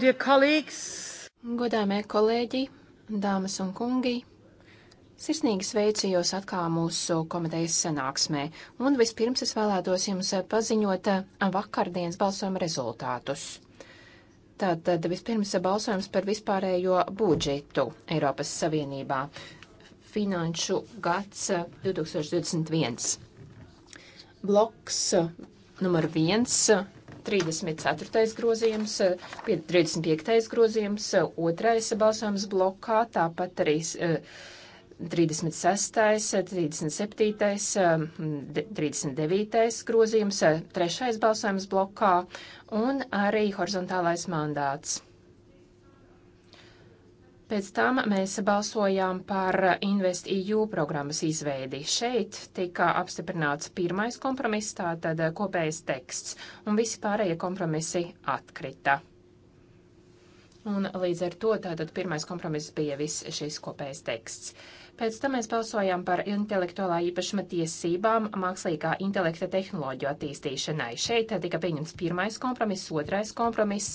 Godāmie kolēģi, dāmas un kungi, sirsnīgi sveicu jūs atkal mūsu komitejas sanāksmē, un vispirms es vēlētos jums paziņot vakardienas balsojuma rezultātus. Tātad vispirms balsojums par vispārējo budžetu Eiropas Savienībā. Finanšu gads 2021. Bloks numur 1 34. grozījums, 35. Eh, grozījums, eh, otrais balsojums blokā, tāpat arī 36., 37., 39. grozījums, eh, trešais balsojums blokā un arī horizontālais mandāts. Pēc tam mēs balsojām par InvestEU programmas izveidi. Šeit tika apstiprināts pirmais kompromiss, tātad kopējais teksts, un visi pārējie kompromisi atkrita. Un līdz ar to tātad pirmais kompromiss bija viss šis kopējais teksts. Pēc tam mēs balsojām par intelektuālā īpašuma tiesībām mākslīgā intelekta tehnoloģiju attīstīšanai. Šeit tika pieņemts pirmais kompromiss, otrais kompromiss,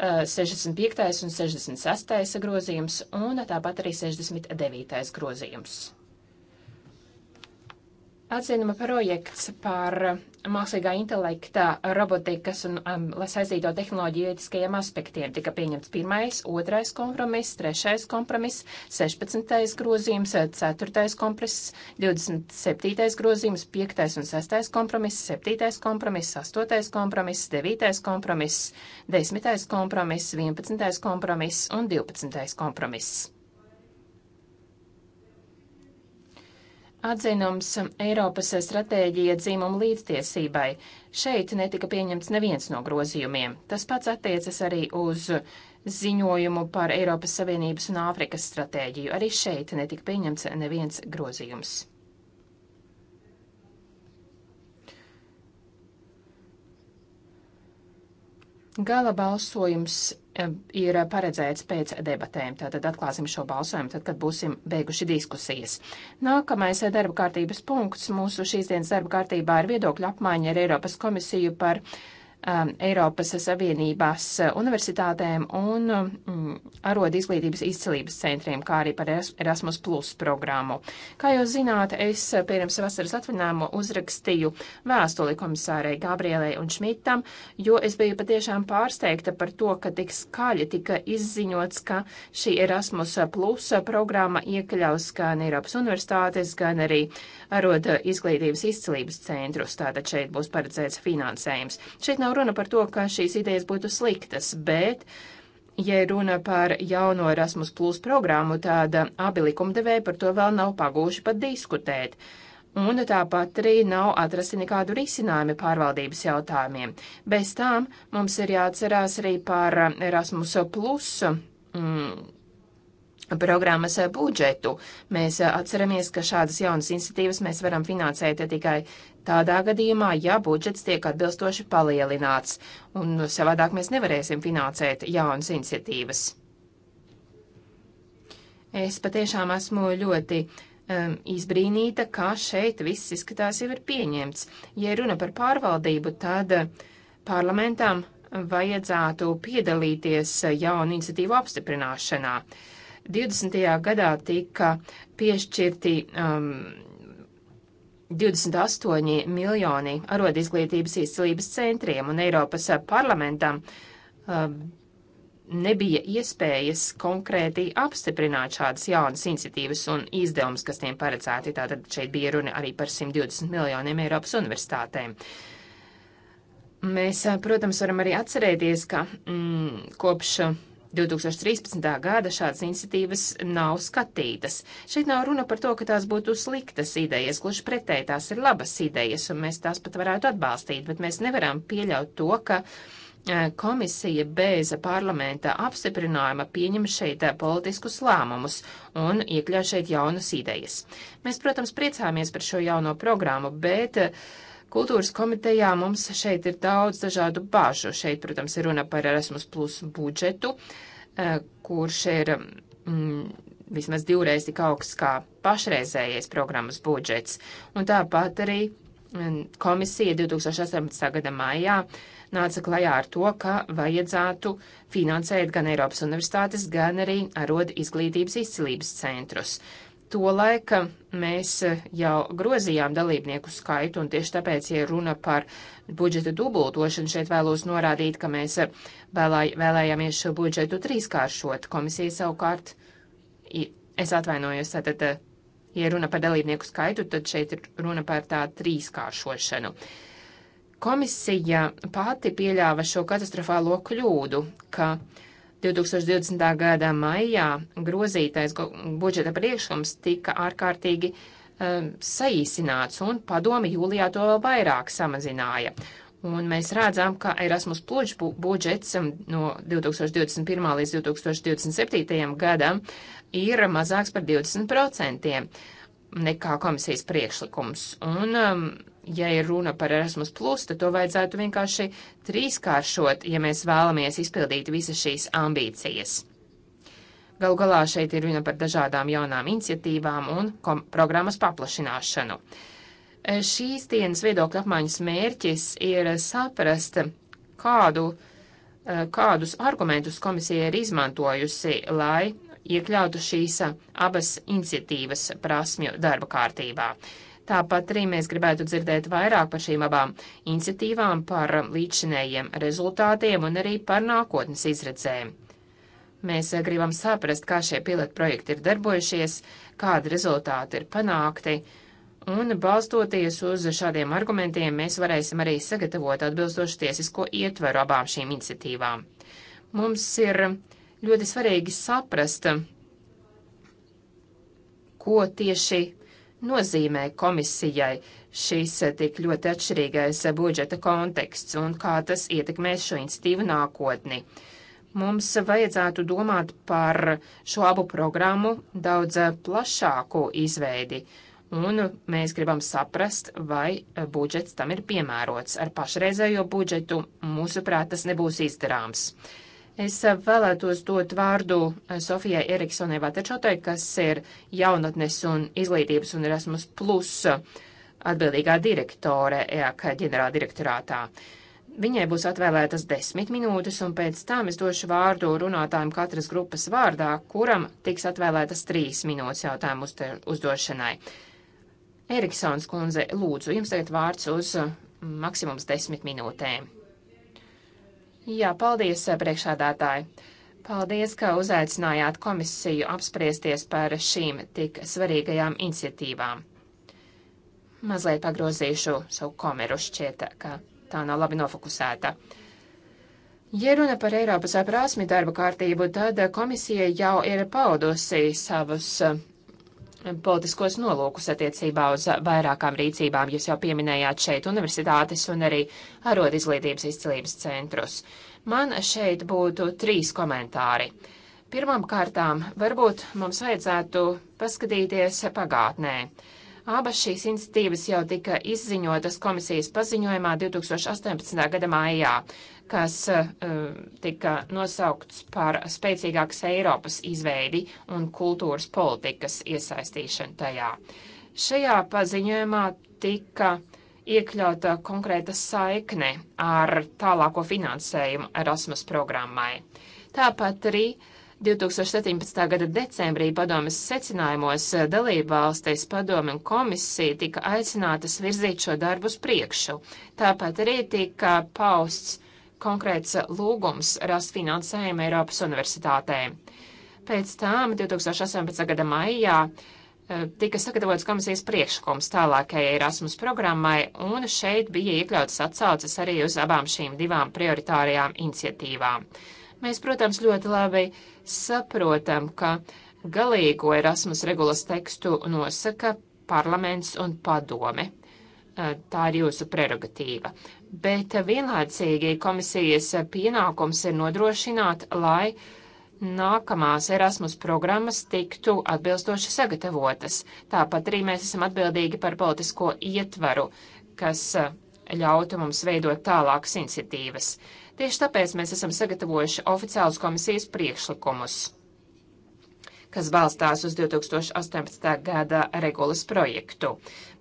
65. Eh, un 66. grozījums un tāpat arī 69. grozījums. Atzinuma projekts par mākslīgā intelekta, robotikas un, um, lai saistīto tehnoloģiju ētiskajiem aspektiem. Tika pieņemts pirmais, otrais kompromiss, trešais kompromiss, 16. grozījums, 4. kompromiss, 27. grozījums, 5. un 6. kompromiss, 7. kompromiss, 8. kompromiss, 9. kompromiss, 10. kompromiss, 11. kompromiss un 12. kompromiss. Atzinums Eiropas stratēģija dzīmumu līdztiesībai. Šeit netika pieņemts neviens no grozījumiem. Tas pats attiecas arī uz ziņojumu par Eiropas Savienības un Āfrikas stratēģiju. Arī šeit netika pieņemts neviens grozījums. Gala balsojums ir paredzēts pēc debatēm. Tātad atklāsim šo balsojumu, tad, kad būsim beiguši diskusijas. Nākamais darba kārtības punkts mūsu šīs dienas darba kārtībā ir viedokļu apmaiņa ar Eiropas komisiju par Um, Eiropas Savienībās universitātēm un mm, arodu izglītības izcelības centriem, kā arī par Erasmus Plus programmu. Kā jūs zināt, es pirms vasaras atvaļinājumu uzrakstīju vēstuli komisārai Gabrielai un Šmitam, jo es biju patiešām pārsteigta par to, ka tik skaļi tika izziņots, ka šī Erasmus Plus programma iekļaus gan Eiropas universitātes, gan arī arodu izglītības izcelības centrus. Tātad šeit būs paredzēts finansējums. Šeit nav nav runa par to, ka šīs idejas būtu sliktas, bet, ja runa par jauno Erasmus Plus programmu, tāda abi likumdevēji par to vēl nav pagūši pat diskutēt. Un tāpat arī nav atrasti nekādu risinājumu pārvaldības jautājumiem. Bez tām mums ir jāatcerās arī par Erasmus Plus mm, programmas budžetu. Mēs atceramies, ka šādas jaunas iniciatīvas mēs varam finansēt tikai tādā gadījumā, ja budžets tiek atbilstoši palielināts, un savādāk mēs nevarēsim finansēt jaunas iniciatīvas. Es patiešām esmu ļoti um, izbrīnīta, kā šeit viss izskatās jau ir pieņemts. Ja runa par pārvaldību, tad parlamentam vajadzētu piedalīties jaunu iniciatīvu apstiprināšanā. Uh, 20. gadā tika piešķirti um, 28 miljoni arodizglītības izcilības centriem, un Eiropas parlamentam um, nebija iespējas konkrēti apstiprināt šādas jaunas iniciatīvas un izdevumus, kas tiem paredzēti. Tātad šeit bija runa arī par 120 miljoniem Eiropas universitātēm. Mēs, uh, protams, varam arī atcerēties, ka mm, kopš 2013. gada šādas iniciatīvas nav skatītas. Šeit nav runa par to, ka tās būtu sliktas idejas, gluži pretēji tās ir labas idejas, un mēs tās pat varētu atbalstīt, bet mēs nevaram pieļaut to, ka e, komisija bez parlamenta apstiprinājuma pieņem šeit e, politiskus lēmumus un iekļauj šeit jaunas idejas. Mēs, protams, priecāmies par šo jauno programmu, bet uh, Kultūras komitejā mums šeit ir daudz dažādu bāžu. Šeit, protams, ir runa par Erasmus Plus budžetu, eh, kurš ir mm, vismaz divreiz tik augsts kā pašreizējais programmas budžets. Un tāpat arī mm, komisija 2018. gada maijā nāca klajā ar to, ka vajadzētu finansēt gan Eiropas universitātes, gan arī arodu izglītības izcilības centrus. Tolaik mēs eh, jau grozījām dalībnieku skaitu, un tieši tāpēc, ja runa par budžeta dubultošanu, šeit vēlos norādīt, ka mēs eh, vēlējāmies šo budžetu trīskāršot. Komisija savukārt, es atvainojos, tātad, eh, ja runa par dalībnieku skaitu, tad šeit ir runa par tā trīskāršošanu. Komisija pati pieļāva šo katastrofālo kļūdu, ka uh, 2020. gada maijā grozītais budžeta priekšlikums tika ārkārtīgi um, saīsināts, un padomi jūlijā to vēl vairāk samazināja. Un mēs redzam, ka Erasmus Plus budžets um, no 2021. līdz 2027. gadam ir mazāks par 20% nekā komisijas priekšlikums. Un um, ja ir runa par Erasmus, plus, tad to vajadzētu vienkārši trīskāršot, ja mēs vēlamies izpildīt visas šīs ambīcijas. Galu galā šeit ir runa par dažādām jaunām iniciatīvām un programmas paplašināšanu. E, šīs dienas viedokļa apmaiņas mērķis ir saprast, kādu, e, kādus argumentus komisija ir izmantojusi, lai iekļautu šīs abas iniciatīvas prasmju darba kārtībā. Tāpat arī mēs gribētu dzirdēt vairāk par šīm abām iniciatīvām, par līdzšinējiem rezultātiem un arī par nākotnes izredzēm. Mēs eh, gribam saprast, kā šie pilotprojekti ir darbojušies, kādi rezultāti ir panākti, un balstoties uz šādiem argumentiem, mēs varēsim arī sagatavot atbilstošu tiesisko ietveru abām šīm iniciatīvām. Mums ir ļoti svarīgi saprast, ko tieši nozīmē komisijai šis eh, tik ļoti atšķirīgais eh, budžeta konteksts un kā tas ietekmēs šo institīvu nākotni. Mums vajadzētu domāt par šo abu programmu daudz eh, plašāku izveidi, un mēs gribam saprast, vai budžets tam ir piemērots. Ar pašreizējo budžetu, mūsuprāt, tas nebūs izdarāms. Es eh, vēlētos dot vārdu eh, Sofijai Eriksonai Vatečotai, kas ir jaunatnes un izglītības un Erasmus Plus eh, atbildīgā direktore EAK ģenerāldirektorātā. Viņai būs atvēlētas desmit minūtes, un pēc tam es došu vārdu runātājiem katras grupas vārdā, kuram tiks atvēlētas trīs minūtes jautājumu uzdošanai. Eriksons kundze, lūdzu, jums tagad vārds uz maksimums desmit minūtēm. Jā, paldies, eh, priekšādātāji. Paldies, ka uzaicinājāt komisiju apspriesties par šīm tik svarīgajām iniciatīvām. Mazliet pagrozīšu savu komeru šķiet, ka tā nav labi nofokusēta. Ja runa par Eiropas aprāsmi darba kārtību, tad komisija jau ir paudusi savus eh, politiskos nolūkus attiecībā uz vairākām rīcībām. Jūs jau pieminējāt šeit universitātes un arī arot izglītības izcilības centrus. Man šeit būtu trīs komentāri. Pirmām kārtām, varbūt mums vajadzētu paskatīties pagātnē. Uh, Abas šīs institīvas jau tika izziņotas komisijas paziņojumā 2018. gada maijā, kas uh, tika nosaukts par spēcīgākas Eiropas izveidi un kultūras politikas iesaistīšanu tajā. Šajā paziņojumā tika iekļauta konkrēta saikne ar tālāko finansējumu Erasmus programmai. Tāpat arī uh, 2017. gada decembrī padomes secinājumos eh, dalībvalstis padome un komisija tika aicinātas virzīt šo darbu uz priekšu. Tāpat arī tika pausts konkrēts lūgums rast finansējumu Eiropas universitātēm. Pēc tām 2018. gada maijā eh, tika sagatavots komisijas priekšlikums tālākajai Erasmus programmai, un šeit bija iekļautas atsauces arī uz abām šīm divām prioritārajām iniciatīvām. Mēs, protams, ļoti labi saprotam, ka galīgo Erasmus regulas tekstu nosaka parlaments un padome. Eh, tā ir jūsu prerogatīva. Bet vienlaicīgi komisijas pienākums ir nodrošināt, lai nākamās Erasmus programmas tiktu atbilstoši sagatavotas. Tāpat arī mēs esam atbildīgi par politisko ietvaru, kas ļautu mums veidot tālākas iniciatīvas. Tieši tāpēc mēs esam sagatavojuši oficiālus komisijas priekšlikumus, kas balstās uz 2018. gada regulas projektu.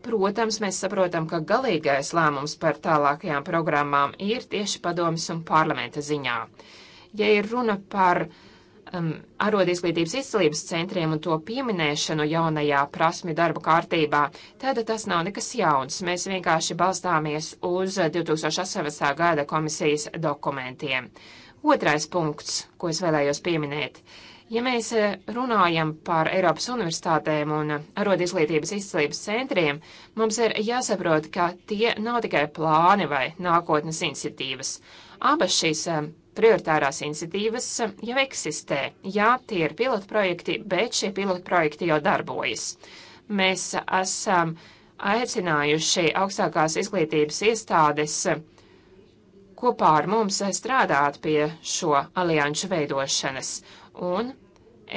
Protams, mēs saprotam, ka galīgais lēmums par tālākajām programmām ir tieši padomas un parlamenta ziņā. Ja ir runa par uh, um, arodizglītības izcelības centriem un to pieminēšanu jaunajā prasmi darba kārtībā, tad tas nav nekas jauns. Mēs vienkārši balstāmies uz 2018. gada komisijas dokumentiem. Otrais punkts, ko es vēlējos pieminēt. Ja mēs eh, runājam par Eiropas universitātēm un arodizglītības izcelības centriem, mums ir jāsaprot, ka tie nav tikai plāni vai nākotnes iniciatīvas. Abas šīs eh, prioritārās iniciatīvas eh, jau eksistē. Jā, tie ir pilotprojekti, bet šie pilotprojekti jau darbojas. Mēs esam aicinājuši augstākās izglītības iestādes eh, kopā ar mums strādāt pie šo alianšu veidošanas. Un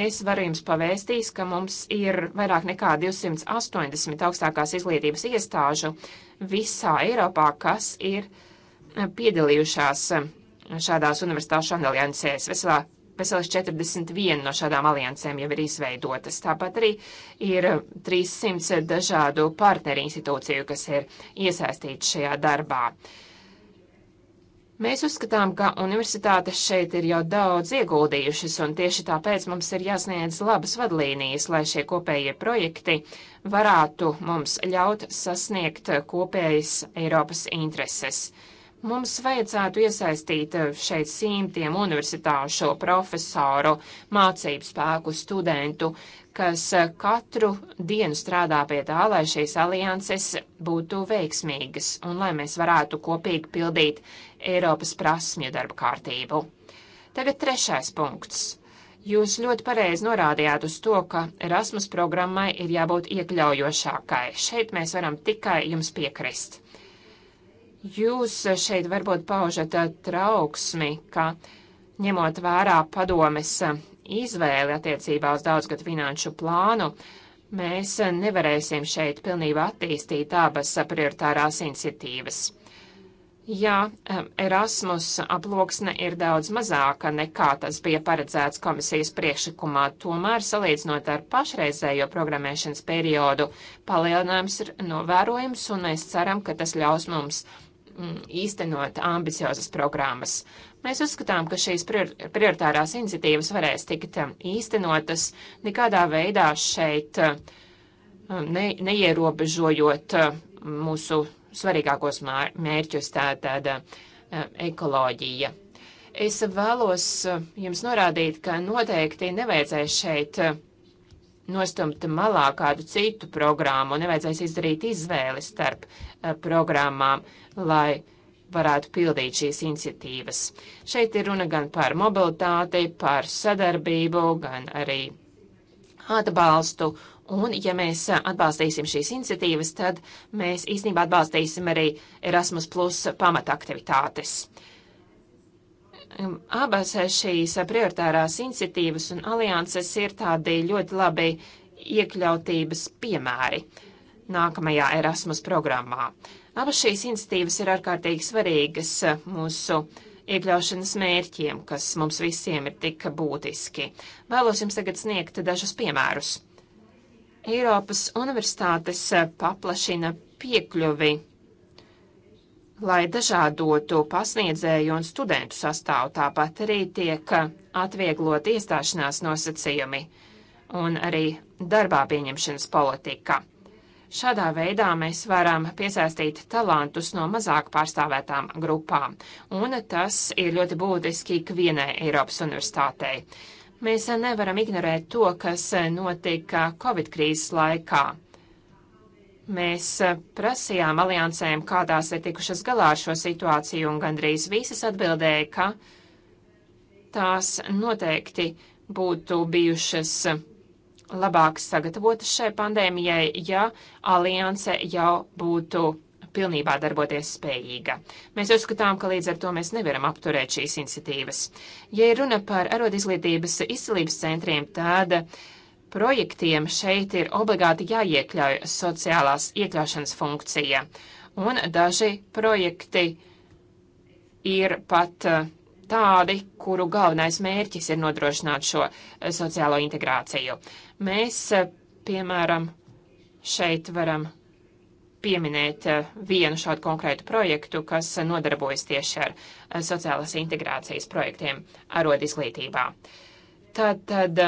es varu jums pavēstīs, ka mums ir vairāk nekā 280 augstākās izglītības iestāžu visā Eiropā, kas ir eh, piedalījušās šādās universitāšu aliansēs. Veselā, veselas 41 no šādām aliansēm jau ir izveidotas. Tāpat arī ir 300 dažādu partneri institūciju, kas ir iesaistīti šajā darbā. Mēs uzskatām, ka universitātes šeit ir jau daudz ieguldījušas, un tieši tāpēc mums ir jāsniedz labas vadlīnijas, lai šie kopējie projekti varētu mums ļaut sasniegt kopējas Eiropas intereses. Mums vajadzētu iesaistīt eh, šeit simtiem universitāšu profesoru, mācību spēku studentu, kas eh, katru dienu strādā pie tā, lai šīs alianses būtu veiksmīgas un lai mēs varētu kopīgi pildīt Eiropas prasmju darba kārtību. Tagad trešais punkts. Jūs ļoti pareizi norādījāt uz to, ka Erasmus programmai ir jābūt iekļaujošākai. Šeit mēs varam tikai jums piekrist. Jūs šeit varbūt paužat eh, trauksmi, ka ņemot vērā padomes eh, izvēli attiecībā uz daudzgad finanšu plānu, mēs eh, nevarēsim šeit pilnībā attīstīt abas prioritārās iniciatīvas. Jā, Erasmus aploksne ir daudz mazāka nekā tas bija paredzēts komisijas priekšlikumā, tomēr salīdzinot ar pašreizējo programmēšanas periodu, palielinājums ir novērojams un mēs ceram, ka tas ļaus mums Mm, īstenot ambiciozas programmas. Mēs uzskatām, ka šīs prioritārās iniciatīvas varēs tikt um, īstenotas nekādā veidā šeit um, ne, neierobežojot um, mūsu svarīgākos mērķus, tātad ekoloģija. Es vēlos jums norādīt, ka noteikti nevajadzēs šeit nostumt malā kādu citu programmu, nevajadzēs izdarīt izvēli starp uh, programmām, lai varētu pildīt šīs iniciatīvas. Šeit ir runa gan par mobilitāti, par sadarbību, gan arī atbalstu. Un, ja mēs eh, atbalstīsim šīs iniciatīvas, tad mēs īstenībā atbalstīsim arī Erasmus Plus pamataktivitātes. aktivitātes. Abas šīs prioritārās iniciatīvas un alianses ir tādi ļoti labi iekļautības piemēri nākamajā Erasmus programmā. Abas šīs iniciatīvas ir ārkārtīgi svarīgas mūsu iekļaušanas mērķiem, kas mums visiem ir tik būtiski. Vēlos jums tagad sniegt dažus piemērus. Eiropas universitātes paplašina piekļuvi lai dažādotu pasniedzēju un studentu sastāvu. Tāpat arī tiek atvieglot iestāšanās nosacījumi un arī darbā pieņemšanas politika. Šādā veidā mēs varam piesaistīt talantus no mazāk pārstāvētām grupām, un tas ir ļoti būtiski ikvienai Eiropas universitātei. Mēs nevaram ignorēt to, kas notika Covid krīzes laikā. Mēs eh, prasījām aliansēm, kādās ir tikušas galā ar šo situāciju, un gandrīz visas atbildēja, ka tās noteikti būtu bijušas eh, labāk sagatavotas šai pandēmijai, ja alianse jau būtu pilnībā darboties spējīga. Mēs uzskatām, ka līdz ar to mēs nevaram apturēt šīs iniciatīvas. Ja ir runa par arodizglītības izcilības centriem, tad uh, projektiem šeit ir obligāti jāiekļauj sociālās iekļaušanas funkcija, un daži projekti ir pat eh, tādi, kuru galvenais mērķis ir nodrošināt šo eh, sociālo integrāciju. Mēs, eh, piemēram, šeit varam pieminēt vienu šādu konkrētu projektu, kas nodarbojas tieši ar sociālās integrācijas projektiem arod izglītībā. Tad, tad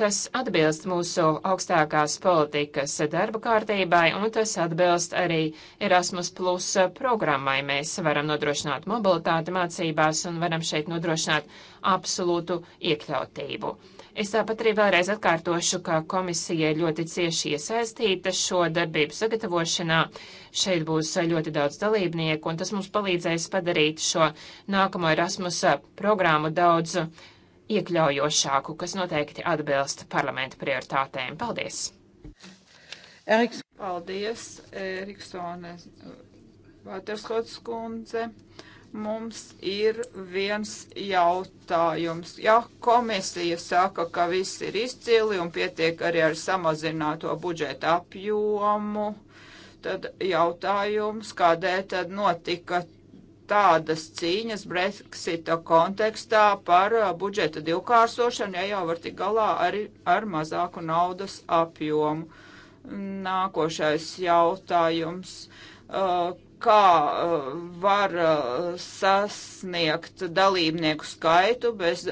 Tas atbilst mūsu augstākās politikas darba kārtībai, un tas atbilst arī Erasmus Plus programmai. Mēs varam nodrošināt mobilitāti mācībās un varam šeit nodrošināt absolūtu iekļautību. Es tāpat arī vēlreiz atkārtošu, ka komisija ļoti cieši iesaistīta šo darbību sagatavošanā. Šeit būs ļoti daudz dalībnieku, un tas mums palīdzēs padarīt šo nākamo Erasmus programmu daudz iekļaujošāku, kas noteikti atbilst parlamenta prioritātēm. Paldies! Eriks. Paldies, Eriksone Vaterskots kundze. Mums ir viens jautājums. Ja komisija saka, ka viss ir izcili un pietiek arī ar samazināto budžeta apjomu, tad jautājums, kādēļ tad notika tādas cīņas Brexita kontekstā par uh, budžeta divkārsošanu, ja jau var tik galā arī ar mazāku naudas apjomu. Nākošais jautājums. Uh, kā uh, var sasniegt dalībnieku skaitu bez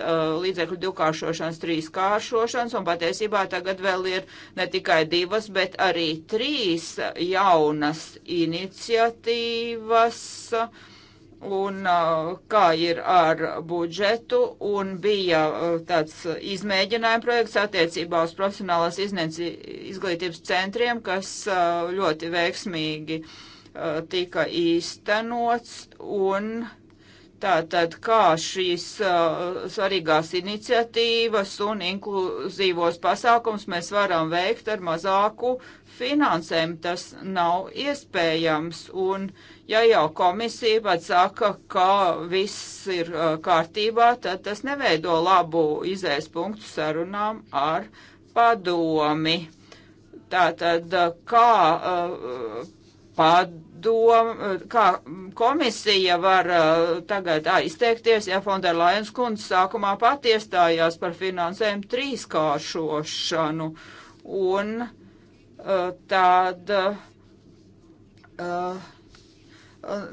līdzekļu divkāršošanas, trīskāršošanas, un patiesībā tagad vēl ir ne tikai divas, bet arī trīs jaunas iniciatīvas. Uh, un uh, kā ir ar budžetu, un bija uh, tāds izmēģinājuma projekts attiecībā uz profesionālās izglītības centriem, kas uh, ļoti veiksmīgi tika īstenots, un tātad kā šīs svarīgās iniciatīvas un inkluzīvos pasākums mēs varam veikt ar mazāku finansējumu, tas nav iespējams, un iespējams, Ja jau komisija pat saka, ka viss ir uh, kārtībā, tad tas neveido labu izējas punktu sarunām ar padomi. Tātad, uh, kā, uh, padom, kā komisija var tagad tā izteikties, ja Fonderlajens kundze sākumā pat iestājās par finansējumu trīskāršošanu un tāda. Uh,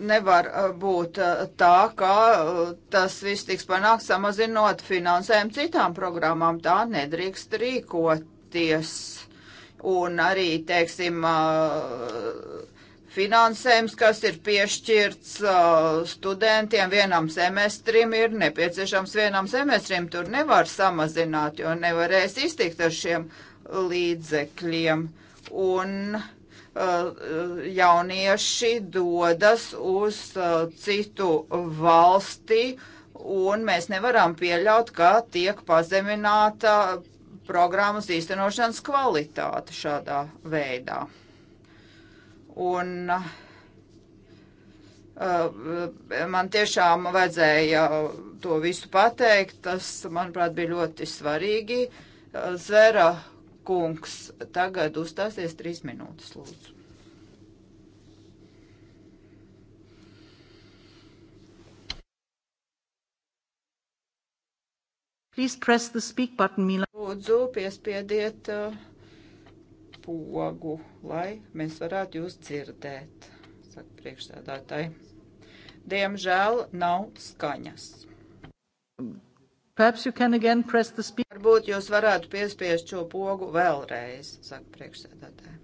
nevar uh, būt uh, tā, ka uh, tas viss tiks panākts samazinot finansējumu citām programmām. Tā nedrīkst rīkoties. Un arī, teiksim, finansējums, kas ir piešķirts studentiem vienam semestrim, ir nepieciešams vienam semestrim. Tur nevar samazināt, jo nevarēs iztikt ar šiem līdzekļiem. Un uh, Uh, jaunieši dodas uz uh, citu valsti, un mēs nevaram pieļaut, ka tiek pazemināta programmas īstenošanas kvalitāte šādā veidā. Un uh, man tiešām vajadzēja to visu pateikt. Tas, manuprāt, bija ļoti svarīgi. Uh, Zvera kungs, tagad uzstāsies trīs minūtes, lūdzu. Please press the speak button, Mila. Lūdzu, piespiediet uh, pogu, lai mēs varētu jūs dzirdēt, saka priekšsēdātāji. Diemžēl nav skaņas. Varbūt jūs varētu piespiest šo pogu vēlreiz, saka priekšsēdētāji.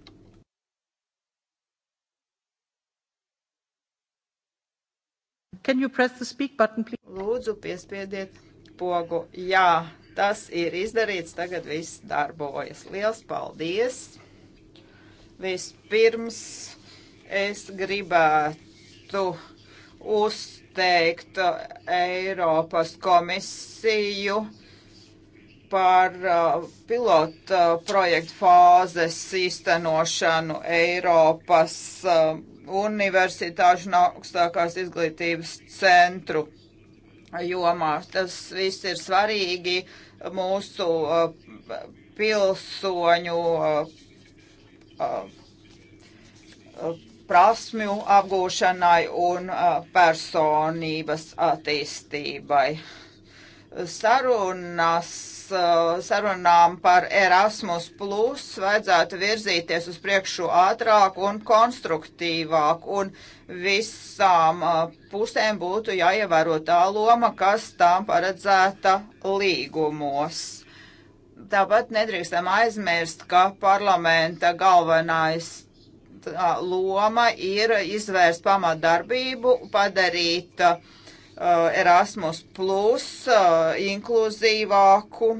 Button, Lūdzu, piespiediet pogu. Jā, tas ir izdarīts, tagad viss darbojas. Liels paldies! Vispirms es gribētu uzsākt uzteikt Eiropas komisiju par uh, pilota uh, projektu fāzes īstenošanu Eiropas uh, universitāšu un augstākās izglītības centru jomā. Tas viss ir svarīgi mūsu pilsoņu prasmju apgūšanai un personības attīstībai. Sarunas, sarunām par Erasmus Plus vajadzētu virzīties uz priekšu ātrāk un konstruktīvāk, un visām pusēm būtu jāievēro tā loma, kas tām paredzēta līgumos. Tāpat nedrīkstam aizmirst, ka parlamenta galvenais tā loma ir izvērst pamatdarbību, padarīt uh, Erasmus plus uh, inkluzīvāku.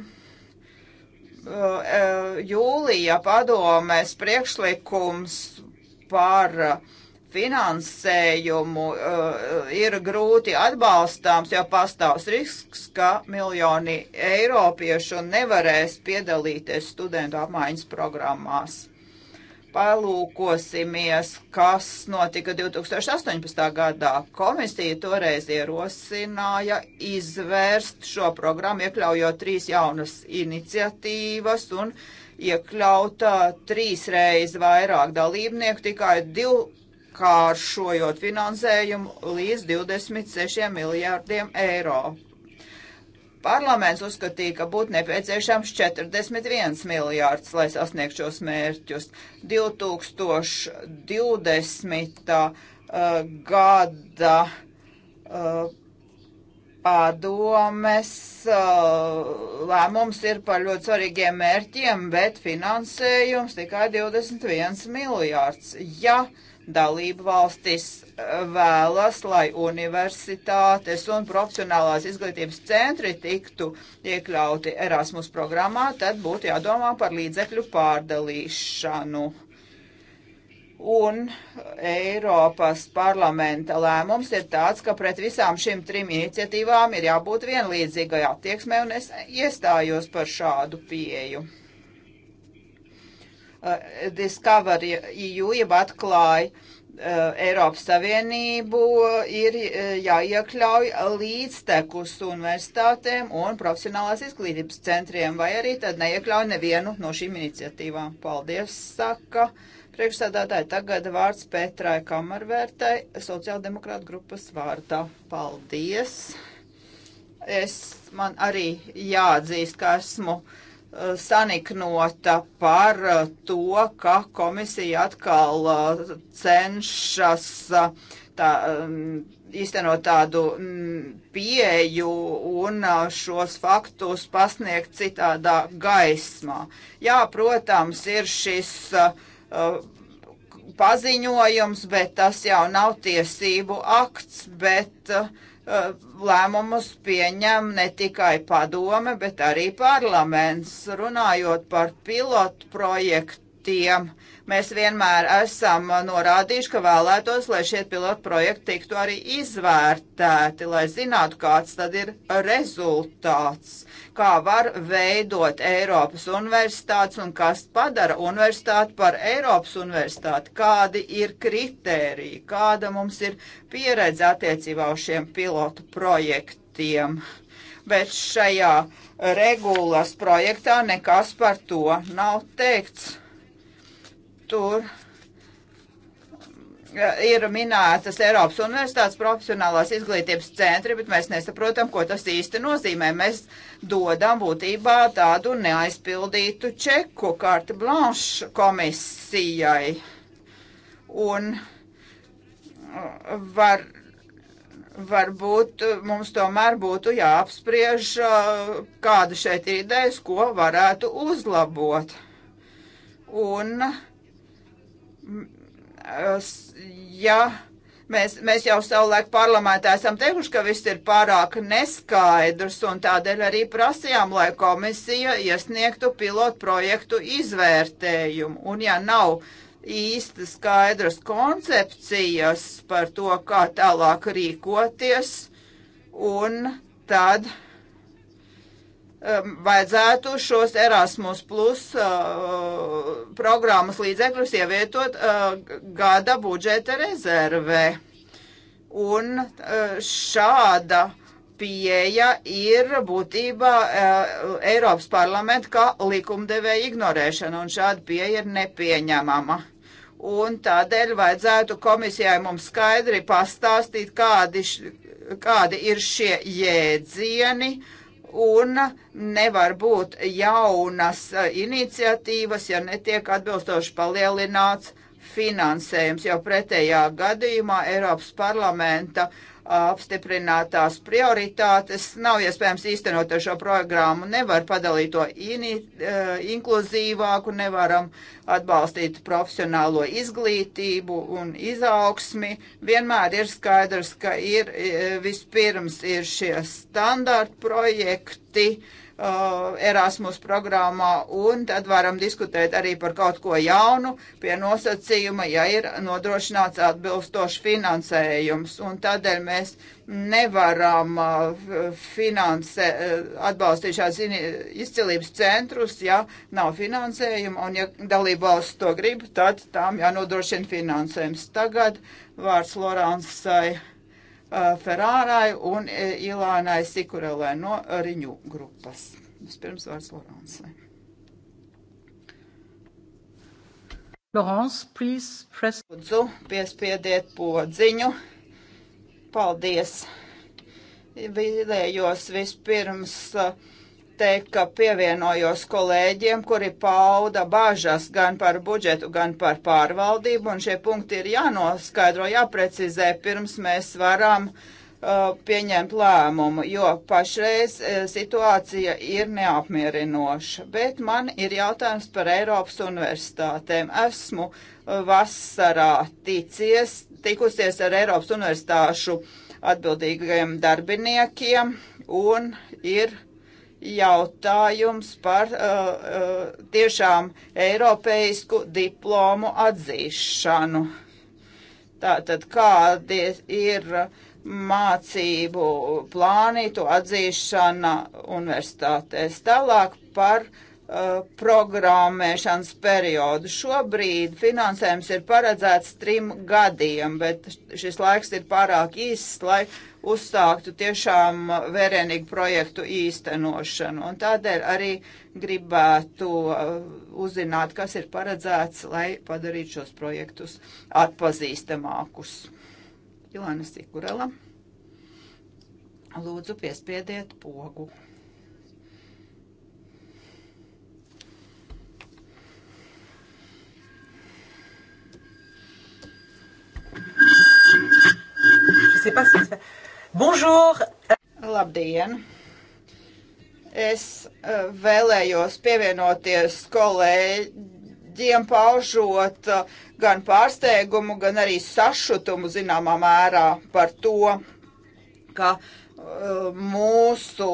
Uh, jūlija padomēs priekšlikums par finansējumu uh, ir grūti atbalstāms, jo pastāvs risks, ka miljoni eiropiešu nevarēs piedalīties studentu apmaiņas programmās palūkosimies, kas notika 2018. gadā. Komisija toreiz ierosināja izvērst šo programmu, iekļaujot trīs jaunas iniciatīvas un iekļaut trīsreiz vairāk dalībnieku, tikai divkāršojot finansējumu līdz 26 miljārdiem eiro. Parlaments uzskatīja, ka būtu nepieciešams 41 miljārds, lai sasniegtu šos mērķus. 2020. Eh, gada eh, padomes eh, lēmums ir par ļoti svarīgiem mērķiem, bet finansējums tikai 21 miljārds. Ja dalību valstis eh, vēlas, lai universitātes un profesionālās izglītības centri tiktu iekļauti Erasmus programmā, tad būtu jādomā par līdzekļu pārdalīšanu un Eiropas parlamenta lēmums ir tāds, ka pret visām šīm trim iniciatīvām ir jābūt vienlīdzīgai attieksmē, un es iestājos par šādu pieju. Uh, Discovery EU, jeb atklāja uh, Eiropas Savienību, ir uh, jāiekļauj līdztekus universitātēm un profesionālās izglītības centriem, vai arī tad neiekļauj nevienu no šīm iniciatīvām. Paldies, saka priekšsēdētāji. Tagad vārds Petrai Kamarvērtai, sociāldemokrāta grupas vārdā. Paldies! Es man arī jāatzīst, ka esmu uh, Eh, saniknota par eh, to, ka komisija atkal eh, cenšas tā, īstenot tādu mm, pieeju un šos faktus pasniegt citādā gaismā. Jā, protams, ir šis paziņojums, bet tas jau nav tiesību akts, bet uh, Eh, lēmumus pieņem ne tikai padome, bet arī parlaments. Runājot par pilotu projektiem, mēs vienmēr esam norādījuši, ka vēlētos, lai šie pilotu projekti tiktu arī izvērtēti, lai zinātu, kāds tad ir rezultāts kā var veidot Eiropas universitātes un kas padara universitāti par Eiropas universitāti, kādi ir kritēriji, kāda mums ir pieredze attiecībā uz šiem pilotu projektiem bet šajā regulas projektā nekas par to nav teikts. Tur ir minētas Eiropas Universitātes profesionālās izglītības centri, bet mēs nesaprotam, ko tas īsti nozīmē. Mēs dodam būtībā tādu neaizpildītu čeku kārti blanšu komisijai. Un uh, var, varbūt uh, mums tomēr būtu jāapspriež, uh, kāda šeit ir idejas, ko varētu uzlabot. Un ja mēs, mēs jau savulaik parlamentā esam teikuši, ka viss ir pārāk neskaidrs, un tādēļ arī prasījām, lai komisija iesniegtu pilotu projektu izvērtējumu. Un ja nav īsti skaidras koncepcijas par to, kā tālāk rīkoties, un tad Um, vajadzētu šos Erasmus Plus uh, programmas līdzekļus ievietot uh, gada budžeta rezervē. Un uh, šāda pieeja ir būtībā uh, Eiropas parlamenta kā likumdevēja ignorēšana, un šāda pieeja ir nepieņemama un tādēļ vajadzētu komisijai mums skaidri pastāstīt, kādi, kādi ir šie jēdzieni, uh, un nevar būt jaunas eh, iniciatīvas, ja netiek atbilstoši palielināts finansējums, jo pretējā gadījumā Eiropas parlamenta uh, apstiprinātās prioritātes nav iespējams īstenot ar šo programmu. Nevar padalīt to ini, eh, inkluzīvāku, nevaram atbalstīt profesionālo izglītību un izaugsmi. Vienmēr ir skaidrs, ka ir eh, vispirms ir šie standarta projekti uh, Erasmus programmā, un tad varam diskutēt arī par kaut ko jaunu pie nosacījuma, ja ir nodrošināts atbilstoši finansējums. Un tādēļ mēs nevaram uh, finansē, uh, atbalstīt šās izcilības centrus, ja nav finansējuma, un ja dalībvalsts to grib, tad tām jānodrošina finansējums. Tagad vārds Lorānsai. Uh, Ferārai un uh, Ilānai Sikurelē no Riņu grupas. Vispirms vārds Lorānsai. Laurence, please press. Lūdzu, piespiediet podziņu. Paldies. Vēlējos vispirms uh, teikt, ka pievienojos kolēģiem, kuri pauda bāžas gan par budžetu, gan par pārvaldību, un šie punkti ir jānoskaidro, jāprecizē, pirms mēs varam uh, pieņemt lēmumu, jo pašreiz uh, situācija ir neapmierinoša. Bet man ir jautājums par Eiropas universitātēm. Esmu uh, vasarā ticies, tikusies ar Eiropas universitāšu atbildīgajiem darbiniekiem un ir jautājums par uh, uh, tiešām eiropeisku diplomu atzīšanu. Tātad kādi ir mācību plāni, to atzīšana universitātēs tālāk par uh, programmēšanas periodu. Šobrīd finansējums ir paredzēts trim gadiem, bet šis laiks ir pārāk īsts, lai uzsāktu tiešām vērienīgu projektu īstenošanu. Un tādēļ arī gribētu uh, uzzināt, kas ir paredzēts, lai padarītu šos projektus atpazīstamākus. Ilana Sikurela, lūdzu piespiediet pogu. sais pas si... Bonjour! Labdien! Es eh, vēlējos pievienoties kolēģiem paužot eh, gan pārsteigumu, gan arī sašutumu zināmā mērā par to, ka eh, mūsu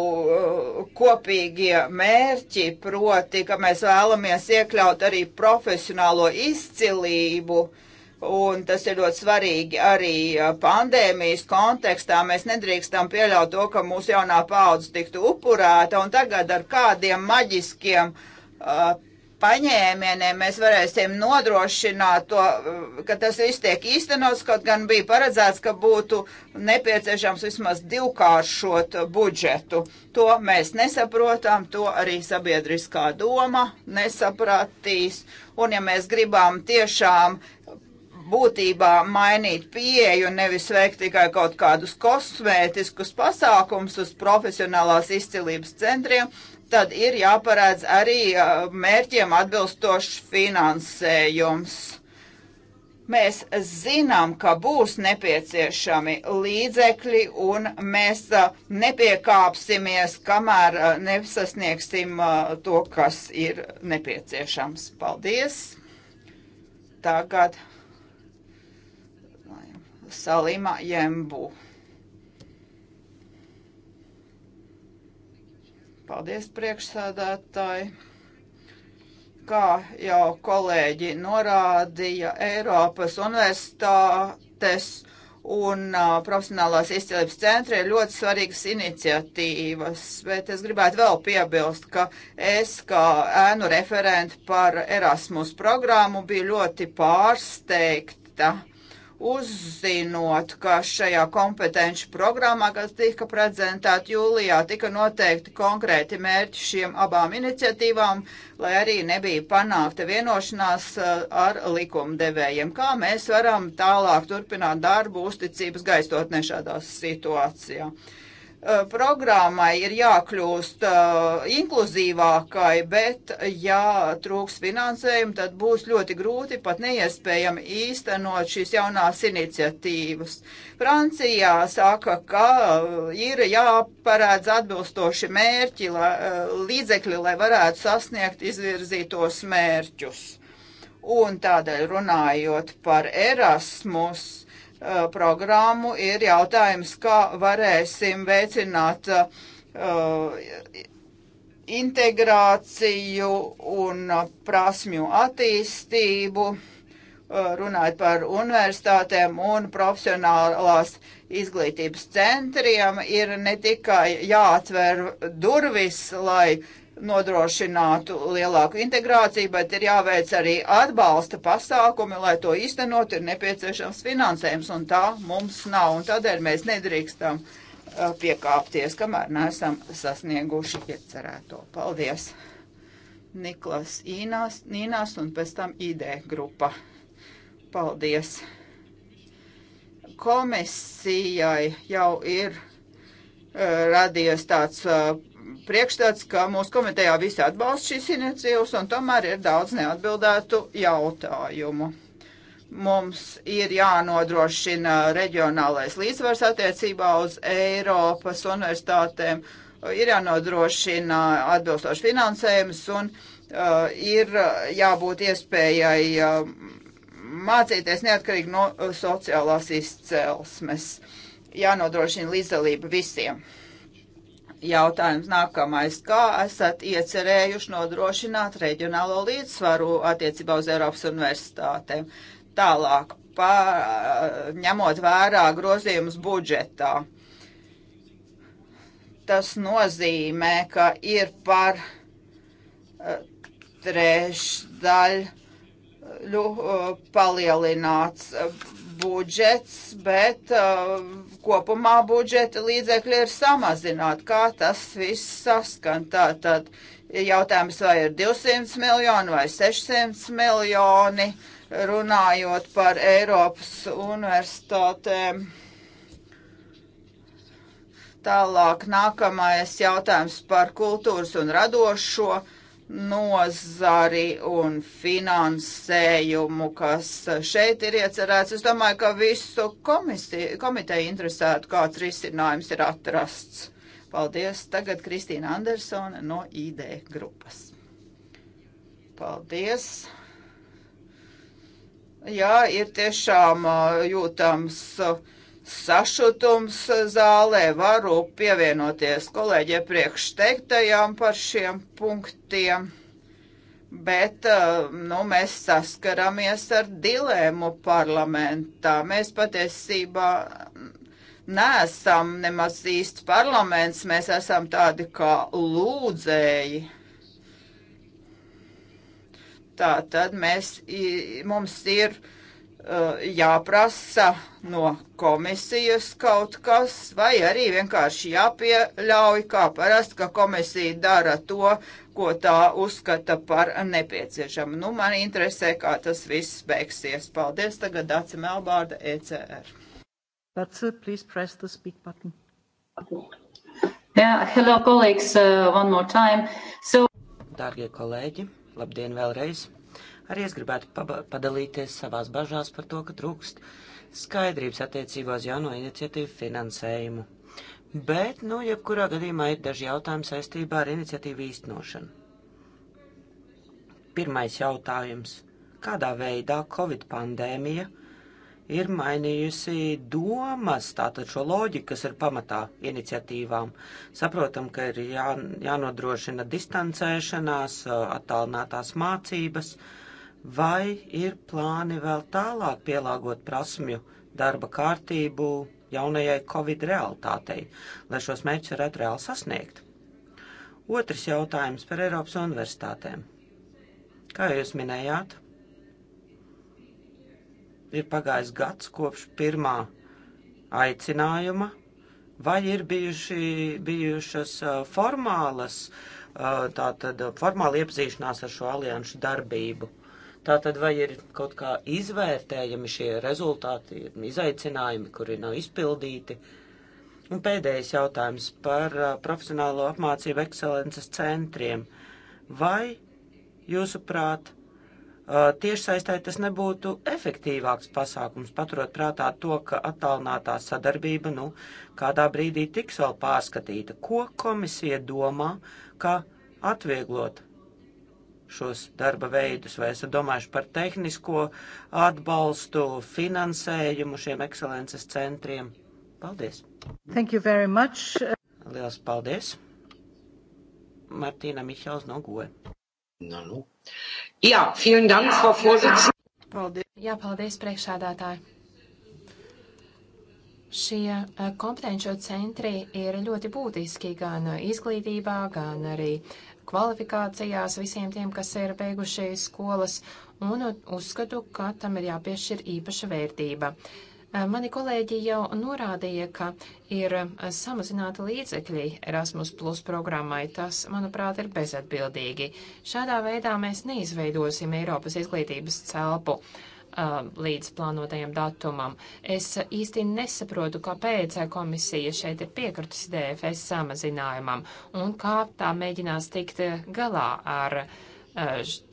kopīgie mērķi, proti, ka mēs vēlamies iekļaut arī profesionālo izcilību uh, Un tas ir ļoti svarīgi arī pandēmijas kontekstā. Mēs nedrīkstam pieļaut to, ka mūsu jaunā paudze tiktu upurēta, un tagad ar kādiem maģiskiem uh, paņēmieniem mēs varēsim nodrošināt to, ka tas viss tiek īstenots, kaut gan bija paredzēts, ka būtu nepieciešams vismaz divkāršot budžetu. To mēs nesaprotam, to arī sabiedriskā doma nesapratīs. Un ja mēs gribam tiešām būtībā mainīt pieeju, nevis veikt tikai kaut kādus kosmētiskus pasākums uz profesionālās izcilības centriem, tad ir jāparādz arī mērķiem atbilstošs finansējums. Mēs zinām, ka būs nepieciešami līdzekļi, un mēs nepiekāpsimies, kamēr nesasniegsim to, kas ir nepieciešams. Paldies! Tagad Salima Jembu. Paldies, priekšsēdētāji! Kā jau kolēģi norādīja, Eiropas universitātes un uh, profesionālās izcēlības centri ir ļoti svarīgas iniciatīvas, bet es gribētu vēl piebilst, ka es kā ēnu referenti par Erasmus programmu biju ļoti pārsteigta. Uh, uzzinot, ka šajā kompetenci programmā, kas tika prezentēta jūlijā, tika noteikti konkrēti mērķi šiem abām iniciatīvām, lai arī nebija panākta vienošanās uh, ar likumdevējiem. Kā mēs varam tālāk turpināt darbu uzticības gaistotnē šādās situācijās? Eh, programmai ir jākļūst uh, inkluzīvākai, bet ja trūks finansējumu, tad būs ļoti grūti, pat neiespējami īstenot šīs jaunās iniciatīvas. Francijā saka, ka eh, ir jāparēdz atbilstoši mērķi, la, līdzekļi, lai varētu sasniegt izvirzītos mērķus. Un tādēļ runājot par Erasmus, Uh, programmu, ir jautājums, kā varēsim veicināt uh, integrāciju un prasmju attīstību, uh, runājot par universitātēm un profesionālās izglītības centriem, ir ne tikai jāatver durvis, lai uh, nodrošinātu lielāku integrāciju, bet ir jāveic arī atbalsta pasākumi, lai to īstenot ir nepieciešams finansējums, un tā mums nav, un tādēļ mēs nedrīkstam uh, piekāpties, kamēr neesam sasnieguši iecerēto. Paldies! Niklas Īnās, Nīnās un pēc tam ID grupa. Paldies! Komisijai jau ir uh, radies tāds uh, priekšstats, ka mūsu komitejā visi atbalsta šīs iniciatīvas, un tomēr ir daudz neatbildētu jautājumu. Mums ir jānodrošina reģionālais līdzsvars attiecībā uz Eiropas universitātēm, ir jānodrošina atbilstoši finansējums un uh, ir jābūt iespējai uh, mācīties neatkarīgi no uh, sociālās izcelsmes. Jānodrošina līdzdalība visiem jautājums nākamais. Kā esat iecerējuši nodrošināt reģionālo līdzsvaru attiecībā uz Eiropas universitātēm? Tālāk, pār, ņemot vērā grozījumus budžetā. Tas nozīmē, ka ir par eh, trešdaļu nodokļu palielināts budžets, bet uh, kopumā budžeta līdzekļi ir samazināti. Kā tas viss saskan? Tātad jautājums, vai ir 200 miljoni vai 600 miljoni, runājot par Eiropas universitātēm. Tālāk nākamais jautājums par kultūras un radošo nozari un finansējumu, kas šeit ir iecerēts. Es domāju, ka visu komiteju interesētu, kāds risinājums ir atrasts. Paldies. Tagad Kristīna Andersone no ID grupas. Paldies. Jā, ir tiešām jūtams. Uh, sašutums zālē. Varu pievienoties kolēģi iepriekš teiktajām par šiem punktiem. Bet eh, nu, mēs saskaramies ar dilēmu parlamentā. Mēs patiesībā neesam nemaz īsts parlaments, mēs esam tādi kā lūdzēji. Tā tad mēs, mums ir Eh, jāprasa no komisijas kaut kas, vai arī vienkārši jāpieļauj, kā parasti, ka komisija dara to, ko tā uzskata par nepieciešamu. Nu, man interesē, kā tas viss beigsies. Paldies, tagad Dāci Melbārda, ECR. Dāci, please press the speak button. Yeah, hello, colleagues, uh, one more time. So... Dārgie kolēģi, labdien vēlreiz! Arī es gribētu padalīties savās bažās par to, ka trūkst skaidrības attiecībā uz jauno iniciatīvu finansējumu. Bet, nu, jebkurā gadījumā ir daži jautājumi saistībā ar iniciatīvu īstenošanu. Pirmais jautājums - kādā veidā Covid pandēmija ir mainījusi domas, tātad šo loģiku, kas ir pamatā iniciatīvām. Saprotam, ka ir jā, jānodrošina distancēšanās, attālinātās mācības, uh, vai ir plāni vēl tālāk pielāgot prasmju darba kārtību jaunajai Covid realitātei, lai šos mērķus varētu reāli sasniegt? Otrs jautājums par Eiropas universitātēm. Kā jūs minējāt, ir pagājis gads kopš pirmā aicinājuma, vai ir bijuši, bijušas formālas, tātad formāla iepazīšanās ar šo alianšu darbību? Tātad vai ir kaut kā izvērtējami šie rezultāti, izaicinājumi, kuri nav izpildīti? Un pēdējais jautājums par uh, profesionālo apmācību ekscelences centriem. Vai, jūsuprāt, uh, tiešsaistē tas nebūtu efektīvāks pasākums, paturot prātā to, ka attālinātā sadarbība, nu, kādā brīdī tiks vēl pārskatīta? Ko komisija domā, ka atvieglot šos darba veidus, vai esat domājuši par tehnisko atbalstu, finansējumu šiem ekscelences centriem? Paldies! Thank you very much! Liels paldies! Martīna Mihāls no Goja. No, nu. no. Jā, vielen dank, Frau Vorsitzende. Paldies. Jā, paldies priekšādātāji. Šie eh, kompetenčo centri ir ļoti būtiski gan eh, izglītībā, gan arī kvalifikācijās visiem tiem, kas ir beiguši skolas, un uzskatu, ka tam ir jāpiešķir īpaša vērtība. Eh, mani kolēģi jau norādīja, ka ir eh, samazināta līdzekļi Erasmus Plus programmai. Tas, manuprāt, ir bezatbildīgi. Šādā veidā mēs neizveidosim Eiropas izglītības celpu. Uh, līdz plānotajam datumam. Es īsti nesaprotu, kāpēc komisija šeit ir piekritusi DFS samazinājumam un kā tā mēģinās tikt galā ar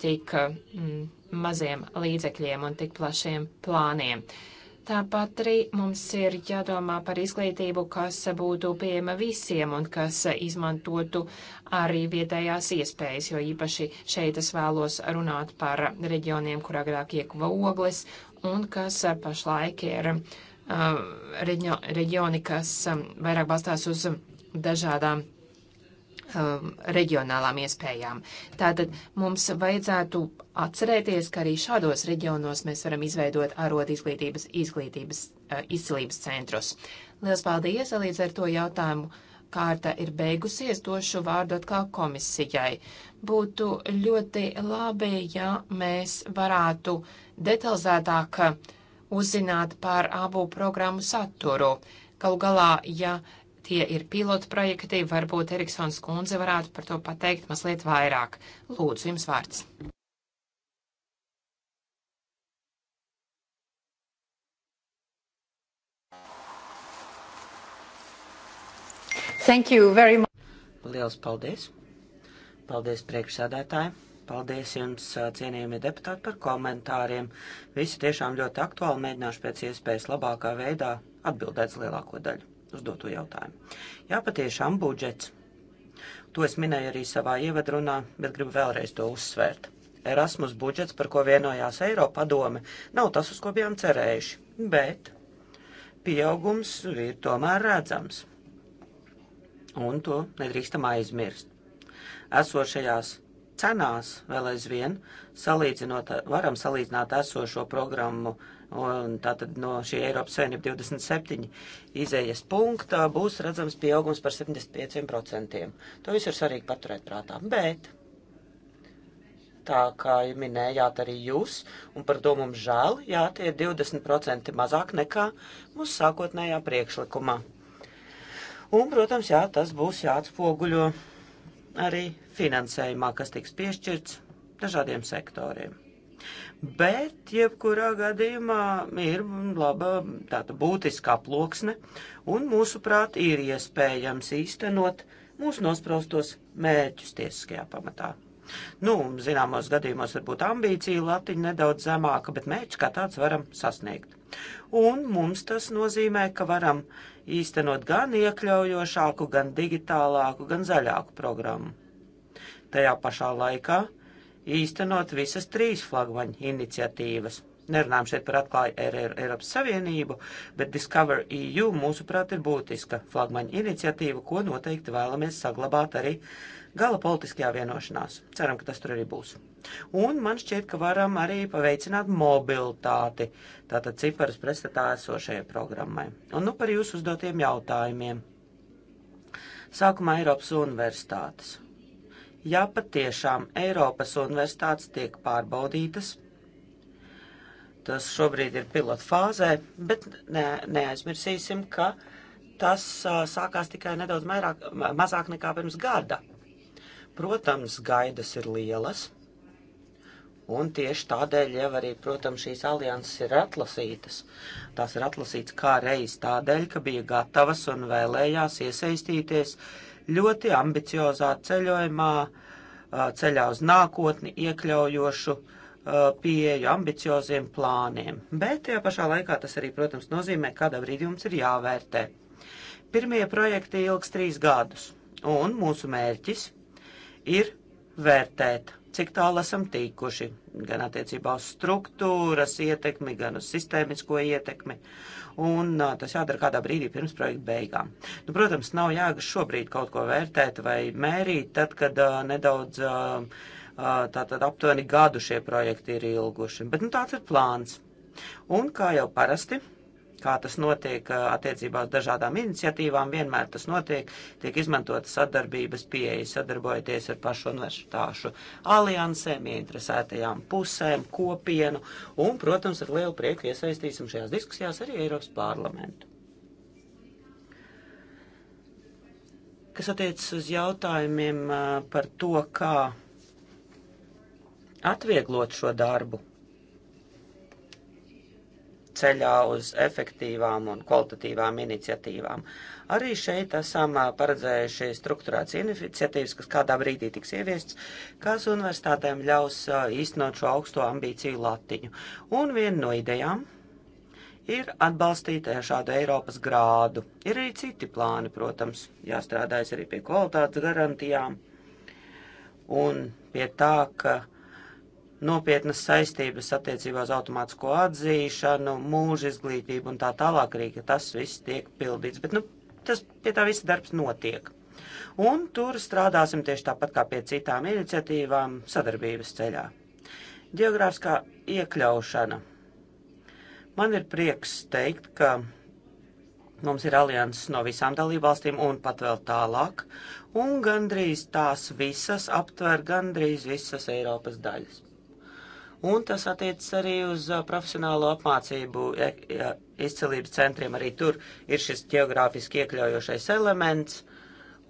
tik mm, maziem līdzekļiem un tik plašiem plāniem. Uh, Tāpat arī mums ir jādomā par izglītību, kas būtu pieejama visiem un kas izmantotu arī vietējās iespējas, jo īpaši šeit es vēlos runāt par reģioniem, kur agrāk iekuva ogles un kas pašlaik ir uh, reģioni, kas um, vairāk balstās uz dažādām um, reģionālām iespējām. Tātad mums vajadzētu atcerēties, ka arī šādos reģionos mēs varam izveidot arot izglītības, izglītības, uh, izcilības centrus. Lielas paldies, līdz ar to jautājumu kārta ir beigusies, došu vārdu atkal komisijai. Būtu ļoti labi, ja mēs varētu detalizētāk uzzināt par abu programmu saturu. Galu galā, ja Tie ir pilotprojekti, varbūt Eriksons kundze varētu par to pateikt mazliet vairāk. Lūdzu, jums vārds. Thank you very much. Liels paldies. Paldies priekšsādātāji. Paldies jums, cienījamie deputāti, par komentāriem. Visi tiešām ļoti aktuāli. Mēģināšu pēc iespējas labākā veidā atbildēt uz lielāko daļu uzdoto jautājumu. Jā, patiešām budžets. To es minēju arī savā ievadrunā, bet gribu vēlreiz to uzsvērt. Erasmus budžets, par ko vienojās Eiropa padome, nav tas, uz ko bijām cerējuši, bet pieaugums ir tomēr redzams. Un to nedrīkstam aizmirst. Esošajās cenās vēl aizvien, salīdzinot, varam salīdzināt esošo programmu, un tātad no šī Eiropas Savienība 27 izējas punktā būs redzams pieaugums par 75%. To visu ir svarīgi paturēt prātā, bet tā kā minējāt arī jūs, un par to mums žēl, jā, tie ir 20% mazāk nekā mūsu sākotnējā priekšlikumā. Un, protams, jā, tas būs jāatspoguļo arī finansējumā, kas tiks piešķirts dažādiem sektoriem. Bet, jebkurā gadījumā, ir laba tāda būtiskā ploksne, un mūsuprāt, ir iespējams īstenot mūsu nospraustos mērķus tiesiskajā pamatā. Nu, zināmos gadījumos varbūt ambīcija latiņa nedaudz zemāka, bet mērķis kā tāds varam sasniegt. Un mums tas nozīmē, ka varam īstenot gan iekļaujošāku, gan digitālāku, gan zaļāku programmu. Tajā pašā laikā īstenot visas trīs flagmaņa iniciatīvas. Nerunājam šeit par atklāju Eiropas Savienību, bet Discover EU, mūsuprāt, ir būtiska flagmaņa iniciatīva, ko noteikti vēlamies saglabāt arī gala politiskajā vienošanās. Ceram, ka tas tur arī būs. Un man šķiet, ka varam arī paveicināt mobilitāti, tātad ciparus pretstatā esošajai programmai. Un nu par jūsu uzdotiem jautājumiem. Sākumā Eiropas universitātes. Ja patiešām Eiropas universitātes tiek pārbaudītas, tas šobrīd ir pilota fāzē, bet ne, neaizmirsīsim, ka tas uh, sākās tikai nedaudz mērāk, mazāk nekā pirms gada. Protams, gaidas ir lielas, Un tieši tādēļ jau arī, protams, šīs alianses ir atlasītas. Tās ir atlasītas kā reiz tādēļ, ka bija gatavas un vēlējās iesaistīties ļoti ambiciozā ceļojumā, ceļā uz nākotni iekļaujošu pieeju ambicioziem plāniem. Bet tajā pašā laikā tas arī, protams, nozīmē, kādā brīdī mums ir jāvērtē. Pirmie projekti ilgs trīs gadus, un mūsu mērķis ir vērtēt cik tālu esam tīkuši, gan attiecībā uz struktūras ietekmi, gan uz sistēmisko ietekmi. Un uh, tas jādara kādā brīdī pirms projekta beigām. Nu, protams, nav jāgas šobrīd kaut ko vērtēt vai mērīt, tad, kad uh, nedaudz uh, tātad aptuveni gadu šie projekti ir ilguši. Bet nu, tāds ir plāns. Un kā jau parasti, kā tas notiek attiecībā uz dažādām iniciatīvām. Vienmēr tas notiek, tiek izmantota sadarbības pieeja, sadarbojoties ar pašu universitāšu aliansēm, ieinteresētajām pusēm, kopienu un, protams, ar lielu prieku iesaistīsim šajās diskusijās arī Eiropas parlamentu. Kas attiecas uz jautājumiem par to, kā atvieglot šo darbu, ceļā uz efektīvām un kvalitatīvām iniciatīvām. Arī šeit esam paredzējuši struktūrāts iniciatīvas, kas kādā brīdī tiks ieviests, kas universitātēm ļaus īstenot šo augsto ambīciju latiņu. Un viena no idejām ir atbalstīt šādu Eiropas grādu. Ir arī citi plāni, protams, jāstrādājas arī pie kvalitātes garantijām un pie tā, ka nopietnas saistības attiecībā uz automātisko atzīšanu, mūža izglītību un tā tālāk arī, ka tas viss tiek pildīts. Bet, nu, tas pie tā visa darbs notiek. Un tur strādāsim tieši tāpat kā pie citām iniciatīvām sadarbības ceļā. Geogrāfiskā iekļaušana. Man ir prieks teikt, ka mums ir alianses no visām dalībvalstīm un pat vēl tālāk, un gandrīz tās visas aptver gandrīz visas Eiropas daļas. Un tas attiecas arī uz uh, profesionālo apmācību e, e, izcelības centriem. Arī tur ir šis geogrāfiski iekļaujošais elements.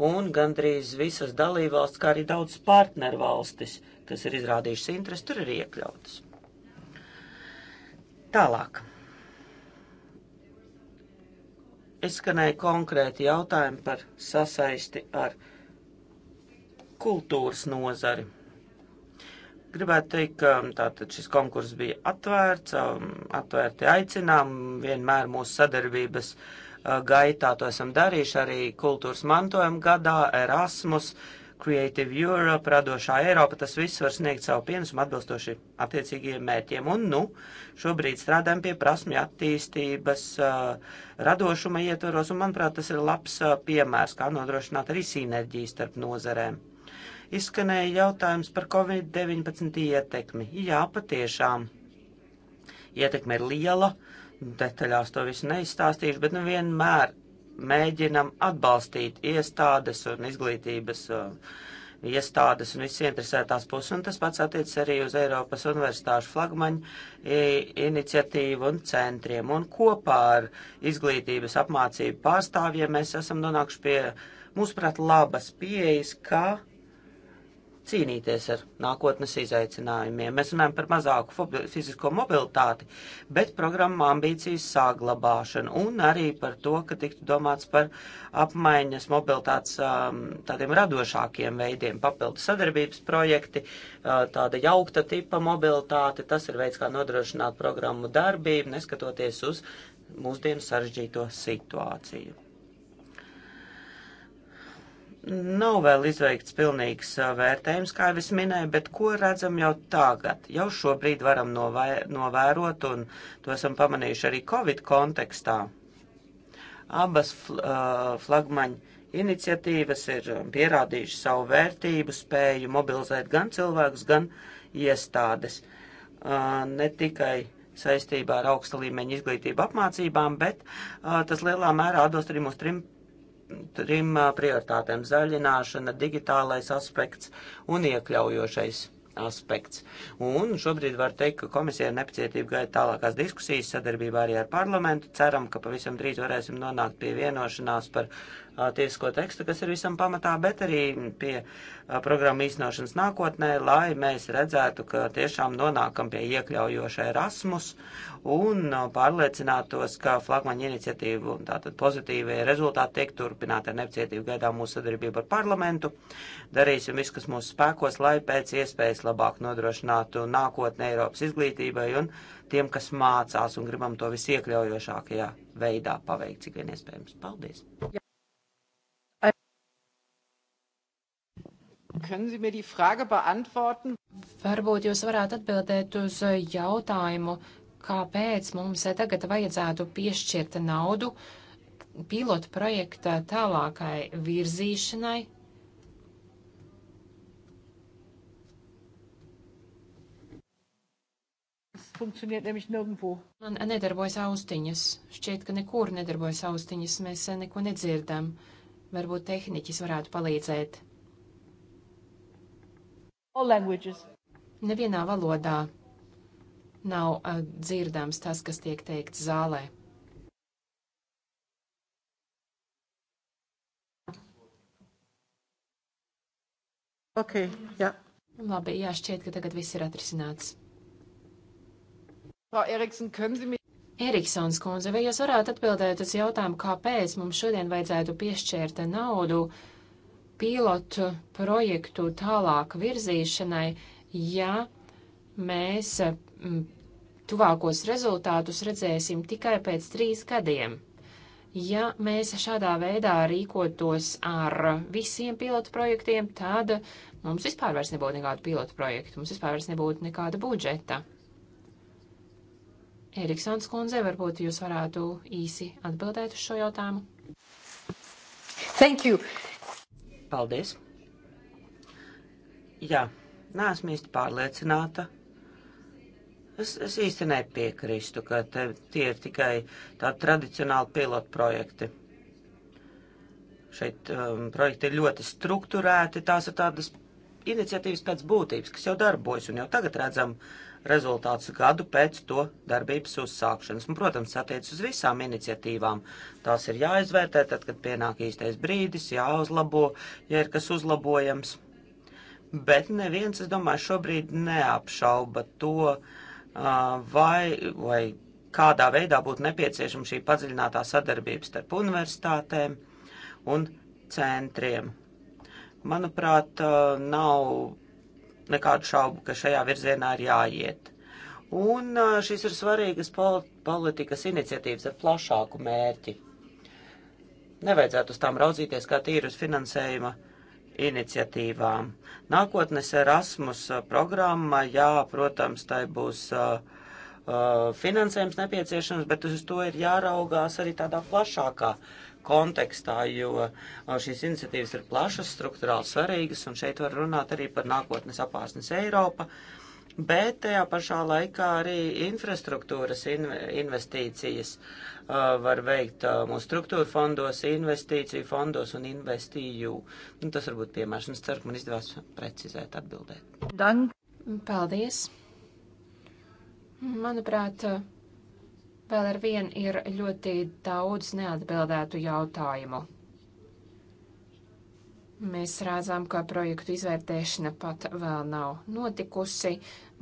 Un gandrīz visas dalībvalsts, kā arī daudz partnervalstis, kas ir izrādījušas interesi, tur ir iekļautas. Tālāk. Izskanēja konkrēti jautājumi par sasaisti ar kultūras nozari. Gribētu teikt, ka um, tātad šis konkurss bija atvērts, um, atvērti aicinām, vienmēr mūsu sadarbības uh, gaitā to esam darījuši arī kultūras mantojuma gadā, Erasmus, Creative Europe, radošā Eiropa, tas viss var sniegt savu pienesumu atbilstoši attiecīgiem mērķiem. Un, nu, šobrīd strādājam pie prasmju attīstības, uh, radošuma ietvaros, un, manuprāt, tas ir labs uh, piemērs, kā nodrošināt arī sinerģiju starp nozerēm izskanēja jautājums par Covid-19 ietekmi. Jā, patiešām. Ietekme ir liela, detaļās to visu neizstāstīšu, bet nu vienmēr mēģinam atbalstīt iestādes un izglītības uh, iestādes un visas interesētās puses, un tas pats attiecas arī uz Eiropas universitāšu flagmaņu iniciatīvu un centriem. Un kopā ar izglītības apmācību pārstāvjiem mēs esam nonākuši pie, mūsuprāt, labas pieejas, kā cīnīties ar nākotnes izaicinājumiem. Mēs runājam par mazāku fizisko mobilitāti, bet programma ambīcijas saglabāšanu un arī par to, ka tiktu domāts par apmaiņas mobilitātes um, tādiem radošākiem veidiem, papildu sadarbības projekti, uh, tāda jaukta tipa mobilitāte. Tas ir veids, kā nodrošināt programmu darbību, neskatoties uz mūsdienu sarežģīto situāciju nav vēl izveikts pilnīgs vērtējums, kā jau es minēju, bet ko redzam jau tagad? Jau šobrīd varam novē, novērot, un to esam pamanījuši arī Covid kontekstā. Abas fl uh, flagmaņu iniciatīvas ir pierādījuši savu vērtību, spēju mobilizēt gan cilvēkus, gan iestādes. Uh, ne tikai saistībā ar augsta līmeņa izglītību apmācībām, bet uh, tas lielā mērā atbilst arī mūsu trim trim prioritātēm - zaļināšana, digitālais aspekts un iekļaujošais aspekts. Un šobrīd var teikt, ka komisija ar nepacietību gaida tālākās diskusijas sadarbībā arī ar parlamentu. Ceram, ka pavisam drīz varēsim nonākt pie vienošanās par tiesisko tekstu, kas ir visam pamatā, bet arī pie programmu īstenošanas nākotnē, lai mēs redzētu, ka tiešām nonākam pie iekļaujoša Erasmus un pārliecinātos, ka flagmaņa iniciatīvu un tātad pozitīvie rezultāti tiek turpināti ar nepacietību gaidām mūsu sadarbību ar parlamentu. Darīsim visu, kas mūsu spēkos, lai pēc iespējas labāk nodrošinātu nākotnē Eiropas izglītībai un tiem, kas mācās un gribam to visiekļaujošākajā veidā paveikt, cik vien iespējams. Paldies! Varbūt jūs varētu atbildēt uz jautājumu, kāpēc mums tagad vajadzētu piešķirt naudu pilotu projekta tālākai virzīšanai. Man nedarbojas austiņas. Šķiet, ka nekur nedarbojas austiņas. Mēs neko nedzirdam. Varbūt tehniķis varētu palīdzēt. Nevienā valodā nav uh, dzirdams tas, kas tiek teikts zālē. Okay, jā. Labi, jā, šķiet, ka tagad viss ir atrisināts. Eriksons kundze, vai jūs varētu atbildēt uz jautājumu, kāpēc mums šodien vajadzētu piešķirt naudu uh, pilotu projektu tālāk virzīšanai, ja mēs mm, tuvākos rezultātus redzēsim tikai pēc trīs gadiem. Ja mēs šādā veidā rīkotos ar visiem pilotu projektiem, tad mums vispār vairs nebūtu nekādu pilotu projektu, mums vispār vairs nebūtu nekāda budžeta. Eriksons kundze, varbūt jūs varētu īsi atbildēt uz šo jautājumu? Thank you. Paldies! Jā, neesmu īsti pārliecināta. Es, es īsti nepiekrīstu, ka te, tie ir tikai tādi tradicionāli pilotu projekti. Šeit um, projekti ir ļoti strukturēti, tās ir tādas iniciatīvas pēc būtības, kas jau darbojas un jau tagad redzam rezultātus gadu pēc to darbības uzsākšanas. Un, protams, attiec uz visām iniciatīvām. Tās ir jāizvērtē tad, kad pienāk īstais brīdis, jāuzlabo, ja ir kas uzlabojams. Bet neviens, es domāju, šobrīd neapšauba to, vai, vai kādā veidā būtu nepieciešama šī padziļinātā sadarbības starp universitātēm un centriem Manuprāt, nav nekādu šaubu, ka šajā virzienā ir jāiet. Un šīs ir svarīgas politikas iniciatīvas ar plašāku mērķi. Nevajadzētu uz tām raudzīties kā tīri uz finansējuma iniciatīvām. Nākotnes Erasmus programma, jā, protams, tai būs uh, finansējums nepieciešams, bet uz to ir jāraugās arī tādā plašākā kontekstā, jo uh, šīs iniciatīvas ir plašas, struktūrāli svarīgas, un šeit var runāt arī par nākotnes apārsnes Eiropa, bet tajā pašā laikā arī infrastruktūras investīcijas uh, var veikt uh, mūsu struktūra fondos, investīciju fondos un investīju. Nu, tas varbūt piemērs, un es ceru, ka man izdevās precizēt atbildēt. Dan. Paldies! Manuprāt, uh... Vēl ar vien ir ļoti daudz neatbildētu jautājumu. Mēs rādzām, ka projektu izvērtēšana pat vēl nav notikusi.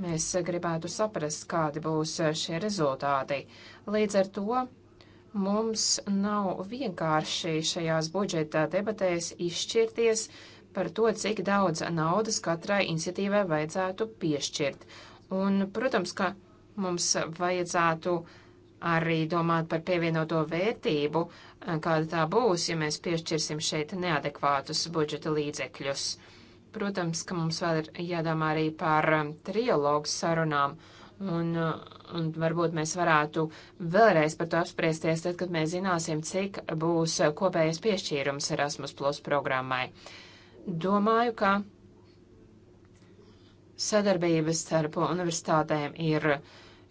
Mēs gribētu saprast, kādi būs šie rezultāti. Līdz ar to mums nav vienkārši šajās budžeta debatēs izšķirties par to, cik daudz naudas katrai iniciatīvai vajadzētu piešķirt. Un, protams, ka mums vajadzētu uh, arī domāt par pievienoto vērtību, eh, kāda tā būs, ja mēs piešķirsim šeit neadekvātus budžeta līdzekļus. Protams, ka mums vēl ir jādomā arī par eh, trialogu sarunām, un, eh, un varbūt mēs varētu vēlreiz par to apspriesties, tad, kad mēs zināsim, cik būs kopējais piešķīrums Erasmus Plus programmai. Domāju, ka sadarbības starp universitātēm ir uh,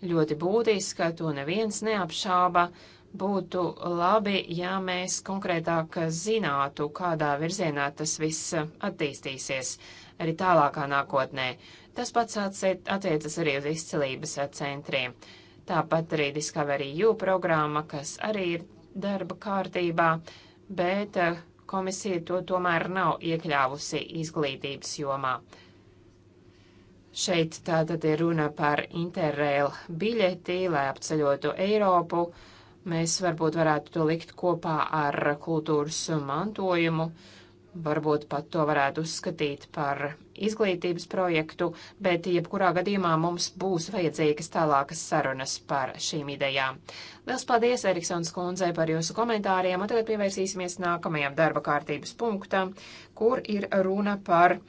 ļoti būtiska, to neviens neapšāba. Būtu labi, ja mēs konkrētāk zinātu, kādā virzienā tas viss attīstīsies arī tālākā nākotnē. Tas pats attiecas arī uz izcelības centriem. Tāpat arī Discovery U programma, kas arī ir darba kārtībā, bet eh, komisija to tomēr nav iekļāvusi izglītības jomā. Šeit tātad ir runa par interrail biļeti, lai apceļotu Eiropu. Mēs varbūt varētu to likt kopā ar kultūras mantojumu, varbūt pat to varētu uzskatīt par izglītības projektu, bet jebkurā gadījumā mums būs vajadzīgas tālākas sarunas par šīm idejām. Liels paldies, Eriksons kundze, par jūsu komentāriem, un tagad pievērsīsimies nākamajam darba kārtības punktam, kur ir runa par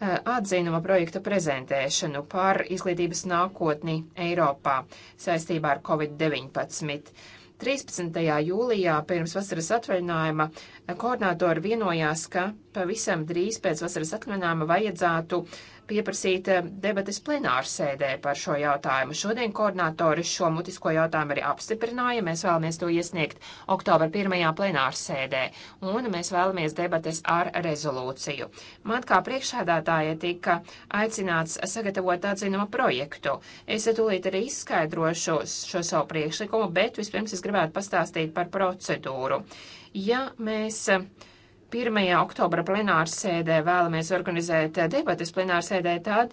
Eh, atzinuma projekta prezentēšanu par izglītības nākotni Eiropā saistībā ar Covid-19. 13. jūlijā pirms vasaras atvaļinājuma eh, koordinātori vienojās, ka pavisam drīz pēc vasaras atvaļinājuma vajadzētu uh, pieprasīt eh, debatas plenārsēdē par šo jautājumu. Šodien koordinātori šo mutisko jautājumu arī apstiprināja. Mēs vēlamies to iesniegt oktobra pirmajā plenārsēdē, un mēs vēlamies debates ar rezolūciju. Man kā priekšsēdētāja tika aicināts sagatavot atzinuma projektu. Es tūlīt arī izskaidrošu šo savu priekšlikumu, bet vispirms es gribētu pastāstīt par procedūru. Ja mēs uh, 1. oktobra plenāra sēdē vēlamies organizēt debatas plenāra sēdē, tad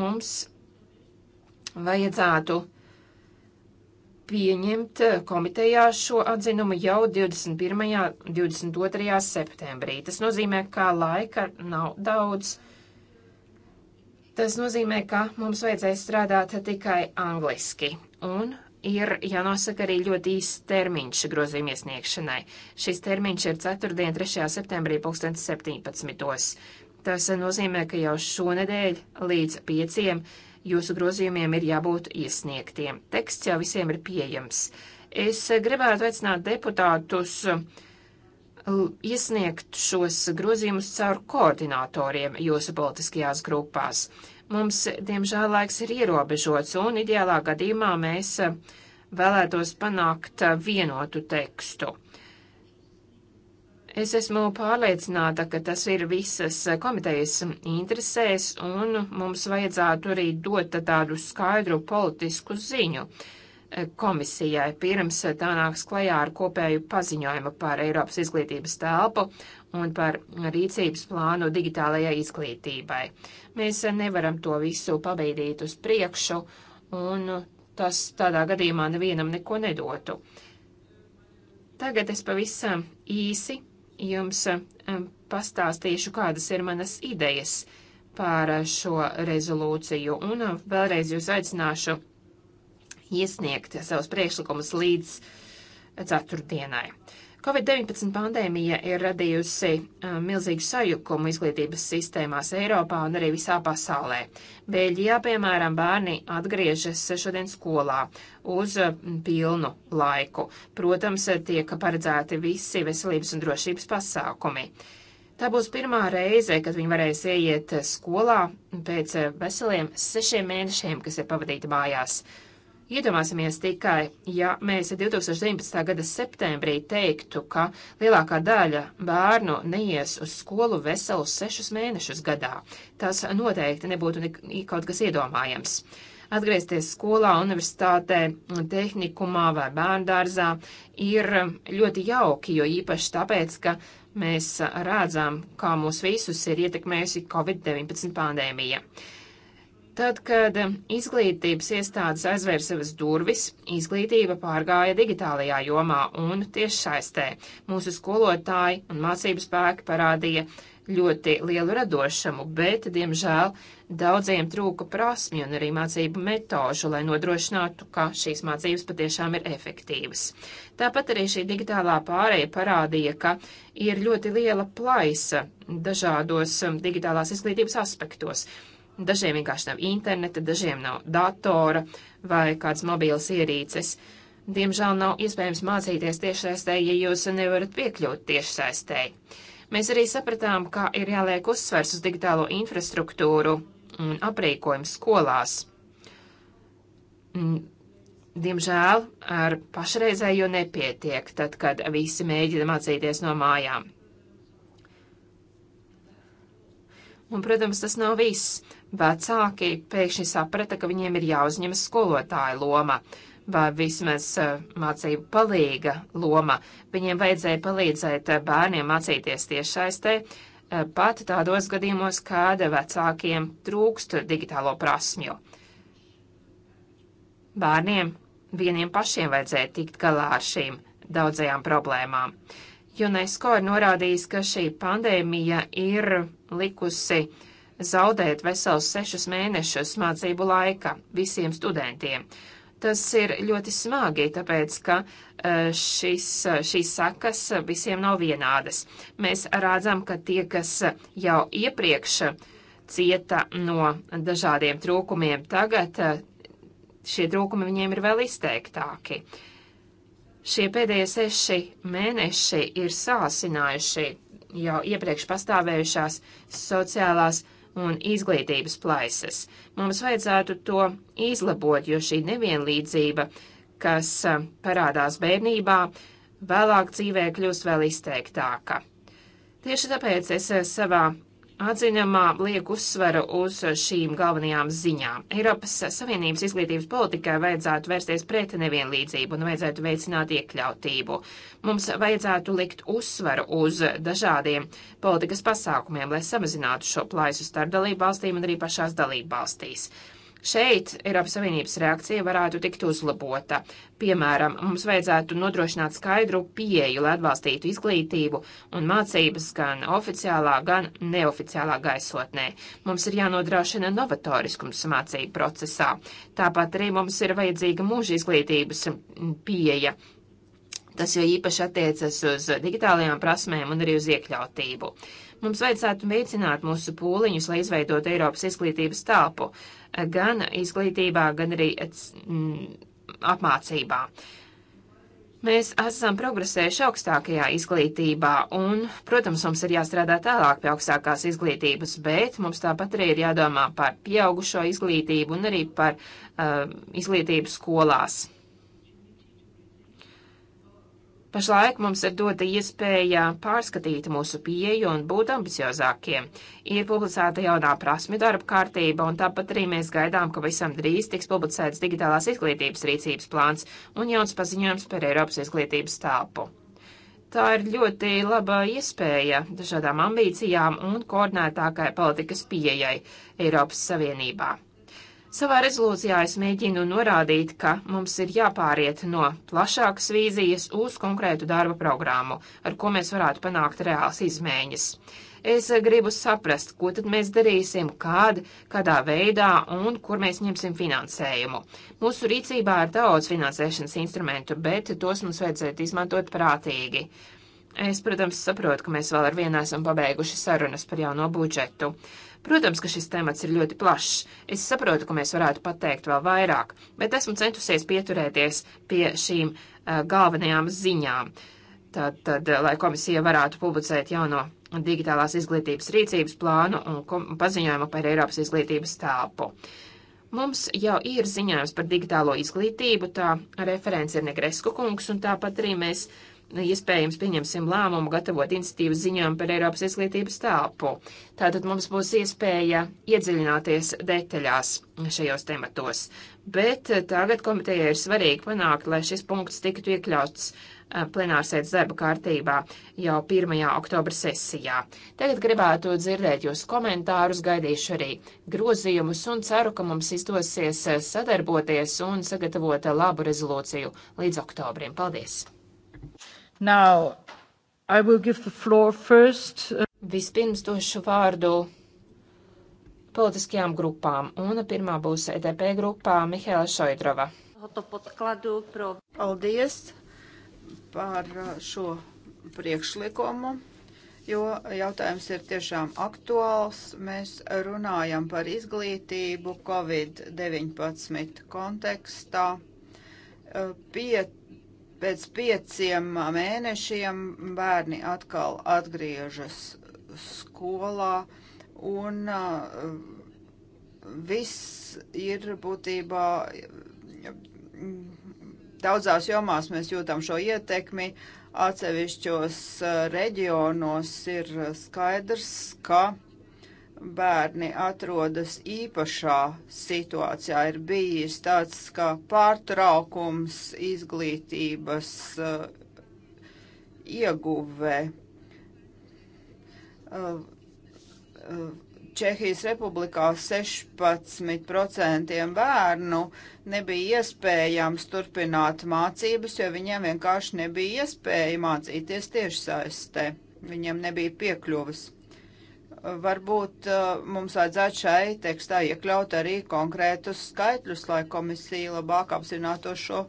mums vajadzētu pieņemt komitejā šo atzinumu jau 21. un 22. septembrī. Tas nozīmē, ka laika nav daudz. Tas nozīmē, ka mums vajadzēs strādāt tikai angliski. Un ir jānosaka arī ļoti īsts termiņš grozījuma iesniegšanai. Šis termiņš ir 4. un 3. septembrī 2017. Tas nozīmē, ka jau šonedēļ līdz 5. jūsu grozījumiem ir jābūt iesniegtiem. Teksts jau visiem ir pieejams. Es gribētu aicināt deputātus iesniegt šos grozījumus caur koordinatoriem jūsu politiskajās grupās. Mums, diemžēl, laiks ir ierobežots, un ideālā gadījumā mēs eh, vēlētos panākt eh, vienotu tekstu. Es esmu pārliecināta, ka tas ir visas eh, komitejas interesēs, un mums vajadzētu arī dot tādu skaidru politisku ziņu komisijai, pirms tā nāks klajā ar kopēju paziņojumu par Eiropas izglītības telpu, un par rīcības plānu digitālajai izglītībai. Mēs nevaram to visu pabeidīt uz priekšu, un tas tādā gadījumā nevienam neko nedotu. Tagad es pavisam īsi jums um, pastāstīšu, kādas ir manas idejas par šo rezolūciju, un um, vēlreiz jūs aicināšu iesniegt savus priekšlikumus līdz ceturtdienai. Covid-19 pandēmija ir radījusi uh, milzīgu sajukumu izglītības sistēmās Eiropā un arī visā pasaulē. Beļģijā, piemēram, bērni atgriežas šodien skolā uz uh, pilnu laiku. Protams, tiek paredzēti visi veselības un drošības pasākumi. Tā būs pirmā reize, kad viņi varēs ieiet skolā pēc uh, veseliem sešiem mēnešiem, kas ir pavadīti mājās. Iedomāsimies tikai, ja mēs 2019. gada septembrī teiktu, ka lielākā daļa bērnu neies uz skolu veselus sešus mēnešus gadā. Tas noteikti nebūtu ne kaut kas iedomājams. Atgriezties skolā, universitātē, tehnikumā vai bērndārzā ir ļoti jauki, jo īpaši tāpēc, ka mēs redzam, kā mūs visus ir ietekmējusi Covid-19 pandēmija. Tad, kad izglītības iestādes aizvēra savas durvis, izglītība pārgāja digitālajā jomā un tiešsaistē. Mūsu skolotāji un mācību spēki parādīja ļoti lielu radošumu, bet, diemžēl, daudziem trūka prasmju un arī mācību metožu, lai nodrošinātu, ka šīs mācības patiešām ir efektīvas. Tāpat arī šī digitālā pārēja parādīja, ka ir ļoti liela plaisa dažādos um, digitālās izglītības aspektos Dažiem vienkārši nav interneta, dažiem nav datora vai kādas mobīlas ierīces. Diemžēl nav iespējams mācīties tiešsaistē, ja jūs nevarat piekļūt tiešsaistē. Mēs arī sapratām, ka ir jāliek uzsvers uz digitālo infrastruktūru un aprīkojumu skolās. Mm, diemžēl ar pašreizējo nepietiek, tad, kad visi mēģina mācīties no mājām. Un, protams, tas nav viss vecāki pēkšņi saprata, ka viņiem ir jāuzņemas skolotāja loma vai vismaz eh, mācību palīga loma. Viņiem vajadzēja palīdzēt eh, bērniem mācīties tiešsaistē, eh, pat tādos gadījumos, kāda vecākiem trūkst digitālo prasmju. Bērniem vieniem pašiem vajadzēja tikt galā ar šīm daudzajām problēmām. UNESCO ir norādījis, ka šī pandēmija ir likusi uh, zaudēt vesels sešus mēnešus mācību laika visiem studentiem. Tas ir ļoti smagi, tāpēc, ka e, šis, e, šīs sakas visiem nav vienādas. Mēs rādzam, ka tie, kas jau iepriekš cieta no dažādiem trūkumiem, tagad e, šie trūkumi viņiem ir vēl izteiktāki. Šie pēdējie seši mēneši ir sāsinājuši jau iepriekš pastāvējušās sociālās un izglītības plaisas. Mums vajadzētu to izlabot, jo šī nevienlīdzība, kas parādās bērnībā, vēlāk dzīvē kļūst vēl izteiktāka. Tieši tāpēc es savā Atziņamā liek uzsveru uz šīm galvenajām ziņām. Eiropas Savienības izglītības politikai vajadzētu vērsties pret nevienlīdzību un vajadzētu veicināt iekļautību. Mums vajadzētu likt uzsveru uz dažādiem politikas pasākumiem, lai samazinātu šo plaisu starp dalību valstīm un arī pašās dalību valstīs. Šeit Eiropas Savienības reakcija varētu tikt uzlabota. Piemēram, mums vajadzētu nodrošināt skaidru pieeju, lai atbalstītu izglītību un mācības gan oficiālā, gan neoficiālā gaisotnē. Mums ir jānodrošina novatoriskums mācību procesā. Tāpat arī mums ir vajadzīga mūža izglītības pieeja. Tas jau īpaši attiecas uz digitālajām prasmēm un arī uz iekļautību mums vajadzētu veicināt mūsu pūliņus, lai izveidotu Eiropas izglītības telpu gan izglītībā, gan arī mm, apmācībā. Mēs esam progresējuši augstākajā izglītībā, un, protams, mums ir jāstrādā tālāk pie augstākās izglītības, bet mums tāpat arī ir jādomā par pieaugušo izglītību un arī par uh, izglītību skolās. Pašlaik mums ir dota iespēja pārskatīt mūsu pieeju un būt ambiciozākiem. Ir publicēta jaunā prasme darba kārtība, un tāpat arī mēs gaidām, ka visam drīz tiks publicēts digitālās izglītības rīcības plāns un jauns paziņojums par Eiropas izglītības telpu. Tā ir ļoti laba iespēja dažādām ambīcijām un koordinētākai politikas pieejai Eiropas Savienībā. Savā rezolūcijā es mēģinu norādīt, ka mums ir jāpāriet no plašākas vīzijas uz konkrētu darba programmu, ar ko mēs varētu panākt reāls izmaiņas. Es gribu saprast, ko tad mēs darīsim, kād, kādā veidā un kur mēs ņemsim finansējumu. Mūsu rīcībā ir daudz finansēšanas instrumentu, bet tos mums vajadzētu izmantot prātīgi. Es, protams, saprotu, ka mēs vēl ar vienu esam pabeiguši sarunas par jauno budžetu. Protams, ka šis temats ir ļoti plašs. Es saprotu, ka mēs varētu pateikt vēl vairāk, bet esmu centusies pieturēties pie šīm uh, galvenajām ziņām. Tad, tad, lai komisija varētu publicēt jauno digitālās izglītības rīcības plānu un paziņojumu par Eiropas izglītības tāpu. Mums jau ir ziņojums par digitālo izglītību, tā referents ir Negresku kungs, un tāpat arī mēs uh, iespējams pieņemsim lēmumu gatavot institīvas ziņojumu par Eiropas izglītības telpu. Tātad mums būs iespēja iedziļināties detaļās šajos tematos. Bet eh, tagad komitejai ir svarīgi panākt, lai šis punkts tiktu iekļauts eh, plenārsēdes darba kārtībā jau 1. oktobra sesijā. Tagad gribētu dzirdēt jūs komentārus, gaidīšu arī grozījumus un ceru, ka mums izdosies eh, sadarboties un sagatavot labu rezolūciju līdz oktobrim. Paldies! Now, I will give the floor first. Uh, Vispirms došu vārdu politiskajām grupām, un pirmā būs EDP grupā Mihēla Šoidrova. Paldies par uh, šo priekšlikumu, jo jautājums ir tiešām aktuāls. Mēs runājam par izglītību Covid-19 kontekstā. Uh, Piet Pēc pieciem mēnešiem bērni atkal atgriežas skolā un uh, viss ir būtībā daudzās jomās mēs jūtam šo ietekmi. Atsevišķos uh, reģionos ir skaidrs, ka bērni atrodas īpašā situācijā. Ir bijis tāds kā pārtraukums izglītības uh, ieguvē. Uh, uh, Čehijas republikā 16% bērnu nebija iespējams turpināt mācības, jo viņiem vienkārši nebija iespēja mācīties tiešsaistē. Viņiem nebija piekļuvas. Varbūt uh, mums vajadzētu šai tekstā iekļaut arī konkrētus skaitļus, lai komisija labāk apzinātu šo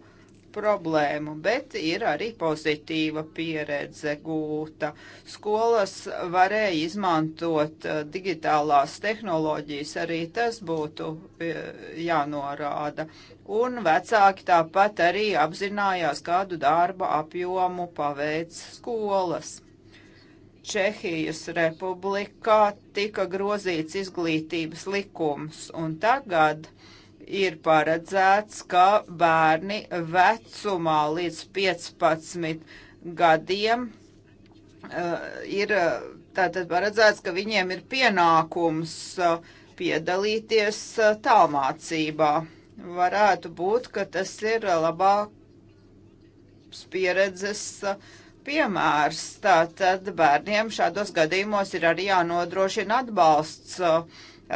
problēmu, bet ir arī pozitīva pieredze gūta. Skolas varēja izmantot uh, digitālās tehnoloģijas, arī tas būtu uh, jānorāda. Un vecāki tāpat arī apzinājās, kādu darba apjomu paveic skolas. Čehijas republikā tika grozīts izglītības likums, un tagad ir paredzēts, ka bērni vecumā līdz 15 gadiem uh, ir eh, tātad paredzēts, ka viņiem ir pienākums uh, piedalīties uh, tālmācībā. Varētu būt, ka tas ir labāks pieredzes uh, piemērs. Tātad bērniem šādos gadījumos ir arī jānodrošina atbalsts uh,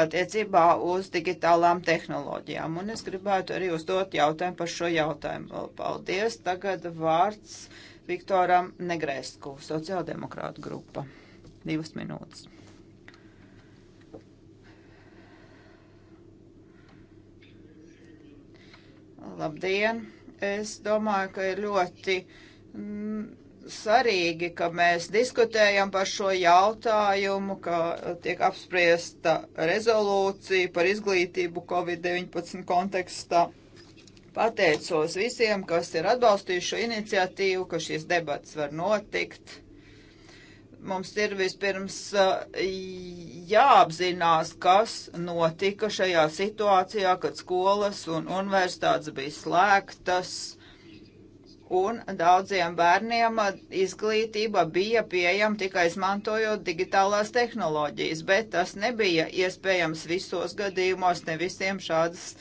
attiecībā uz digitālām tehnoloģijām. Un es gribētu arī uzdot jautājumu par šo jautājumu. Paldies. Tagad vārds Viktoram Negrēsku, sociāldemokrāta grupa. Divas minūtes. Labdien! Es domāju, ka ir ļoti mm, svarīgi, ka mēs diskutējam par šo jautājumu, ka tiek apspriesta rezolūcija par izglītību Covid-19 kontekstā. Pateicos visiem, kas ir atbalstījuši šo iniciatīvu, ka šīs debats var notikt. Mums ir vispirms jāapzinās, kas notika šajā situācijā, kad skolas un universitātes bija slēgtas un daudziem bērniem izglītība bija pieejama tikai izmantojot digitālās tehnoloģijas, bet tas nebija iespējams visos gadījumos, ne visiem šādas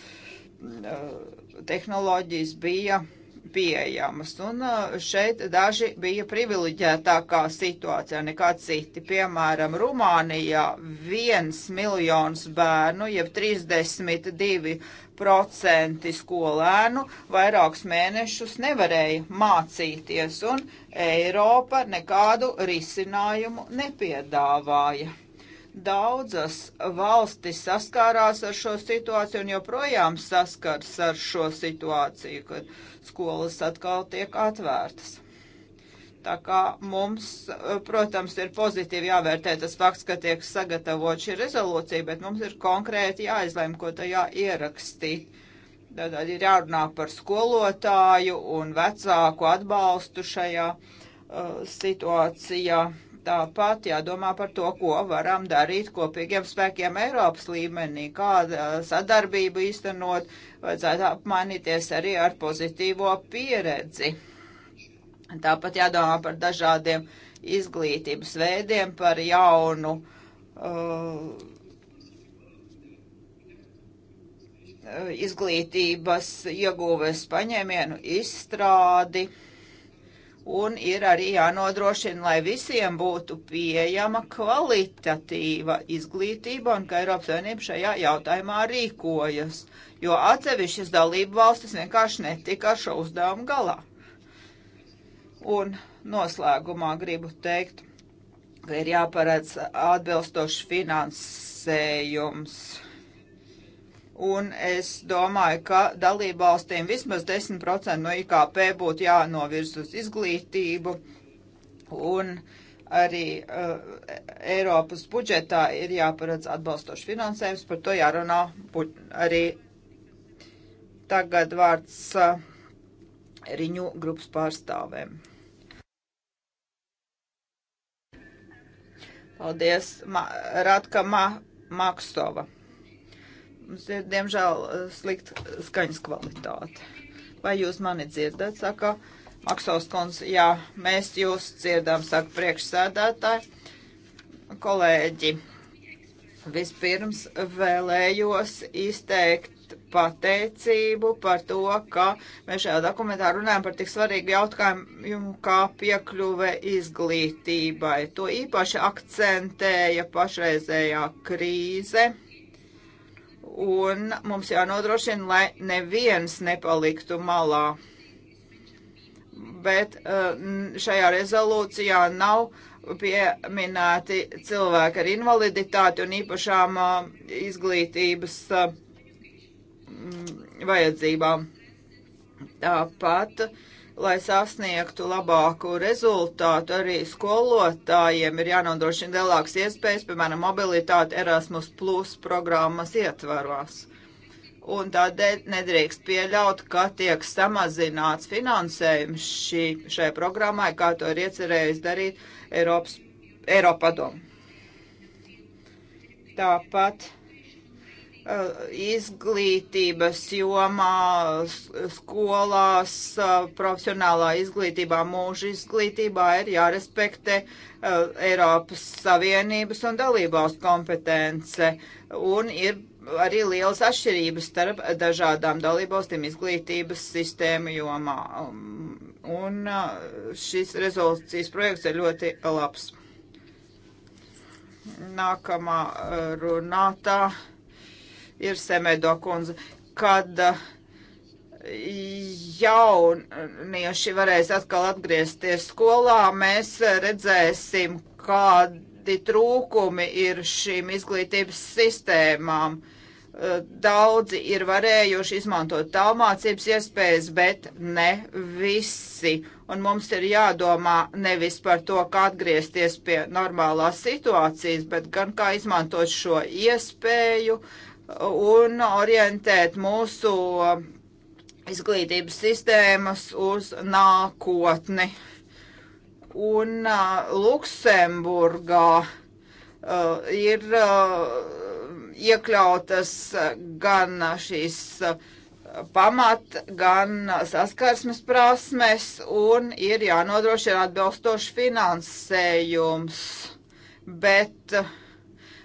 uh, tehnoloģijas bija pieejamas. Un uh, šeit daži bija privileģētākā situācijā nekā citi. Piemēram, Rumānijā viens miljons bērnu, jeb 32 procenti skolēnu vairākus mēnešus nevarēja mācīties, un Eiropa nekādu risinājumu nepiedāvāja. Daudzas valstis saskārās ar šo situāciju un joprojām saskars ar šo situāciju, kad skolas atkal tiek atvērtas. Tā kā mums, eh, protams, ir pozitīvi jāvērtē tas fakts, ka tiek sagatavot šī rezolūcija, bet mums ir konkrēti jāizlēm, ko tajā ierakstīt. Tātad ir jārunā par skolotāju un vecāku atbalstu šajā uh, situācijā. Tāpat jādomā par to, ko varam darīt kopīgiem spēkiem Eiropas līmenī, kāda sadarbība īstenot, vajadzētu apmainīties arī ar pozitīvo pieredzi Tāpat jādomā par dažādiem izglītības veidiem, par jaunu uh, izglītības ieguves paņēmienu izstrādi. Un ir arī jānodrošina, lai visiem būtu pieejama kvalitatīva izglītība un ka Eiropas Savienība šajā jautājumā rīkojas, jo atsevišķas dalību valstis vienkārši netika ar šo uzdevumu galā. Un noslēgumā gribu teikt, ka ir jāparedz atbilstošs finansējums. Un es domāju, ka dalībvalstīm vismaz 10% no IKP būtu jānovirz uz izglītību. Un arī uh, Eiropas budžetā ir jāparedz atbalstošs finansējums. Par to jārunā arī tagad vārds uh, riņu grupas pārstāvēm. Paldies, Ma Ratka Ma Maksova. Mums ir, diemžēl, slikta skaņas kvalitāte. Vai jūs mani dzirdat, saka Maksovs kundz, jā, mēs jūs dzirdam, saka priekšsēdētāji. Kolēģi, vispirms vēlējos izteikt pateicību par to, ka mēs šajā dokumentā runājam par tik svarīgu jautājumu kā piekļuve izglītībai. To īpaši akcentēja pašreizējā krīze un mums jānodrošina, lai neviens nepaliktu malā. Bet uh, šajā rezolūcijā nav pieminēti cilvēki ar invaliditāti un īpašām uh, izglītības uh, Mm, vajadzībām. Tāpat, lai sasniegtu labāku rezultātu, arī skolotājiem ir jānodrošina lielākas iespējas, piemēram, mobilitāte Erasmus Plus programmas ietvaros. Un tādēļ nedrīkst pieļaut, ka tiek samazināts finansējums šī, šai programmai, kā to ir iecerējis darīt Eiropas, Eiropadomu. Tāpat Eh, izglītības jomā, skolās, eh, profesionālā izglītībā, mūža izglītībā ir jārespektē eh, Eiropas Savienības un dalībvalstu kompetence. Un ir arī lielas atšķirības starp dažādām dalībvalstīm izglītības sistēmu jomā. Um, un šis rezolūcijas projekts ir ļoti labs. Nākamā runātā. Uh, ir Semedo kundze, kad uh, jaunieši varēs atkal atgriezties skolā, mēs redzēsim, kādi trūkumi ir šīm izglītības sistēmām. Uh, daudzi ir varējuši izmantot tālmācības iespējas, bet ne visi. Un mums ir jādomā nevis par to, kā atgriezties pie normālās situācijas, bet gan kā izmantot šo iespēju, uh, un orientēt mūsu izglītības sistēmas uz nākotni. Un uh, Luksemburgā uh, ir uh, iekļautas gan šīs uh, pamat, gan saskarsmes prasmes un ir jānodrošina atbilstoši finansējums. Bet uh,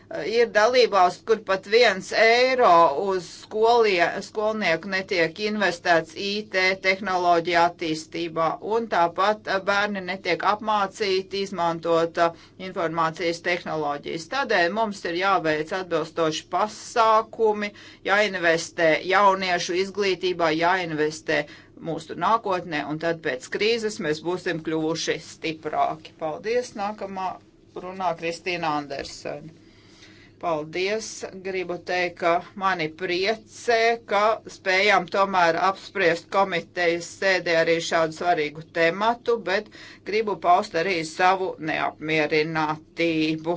Eh, ir dalībvalsts, kur pat viens eiro uz skolie, skolnieku netiek investēts IT tehnoloģija attīstībā, un tāpat eh, bērni netiek apmācīti izmantot eh, informācijas tehnoloģijas. Tādēļ mums ir jāveic atbilstoši pasākumi, jāinvestē jauniešu izglītībā, jāinvestē mūsu nākotnē, un tad pēc krīzes mēs būsim kļuvuši stiprāki. Paldies! Nākamā runā Kristīna Andersena. Paldies! Gribu teikt, ka mani priecē, ka spējām tomēr apspriest komitejas sēdē arī šādu svarīgu tematu, bet gribu paust arī savu neapmierinātību.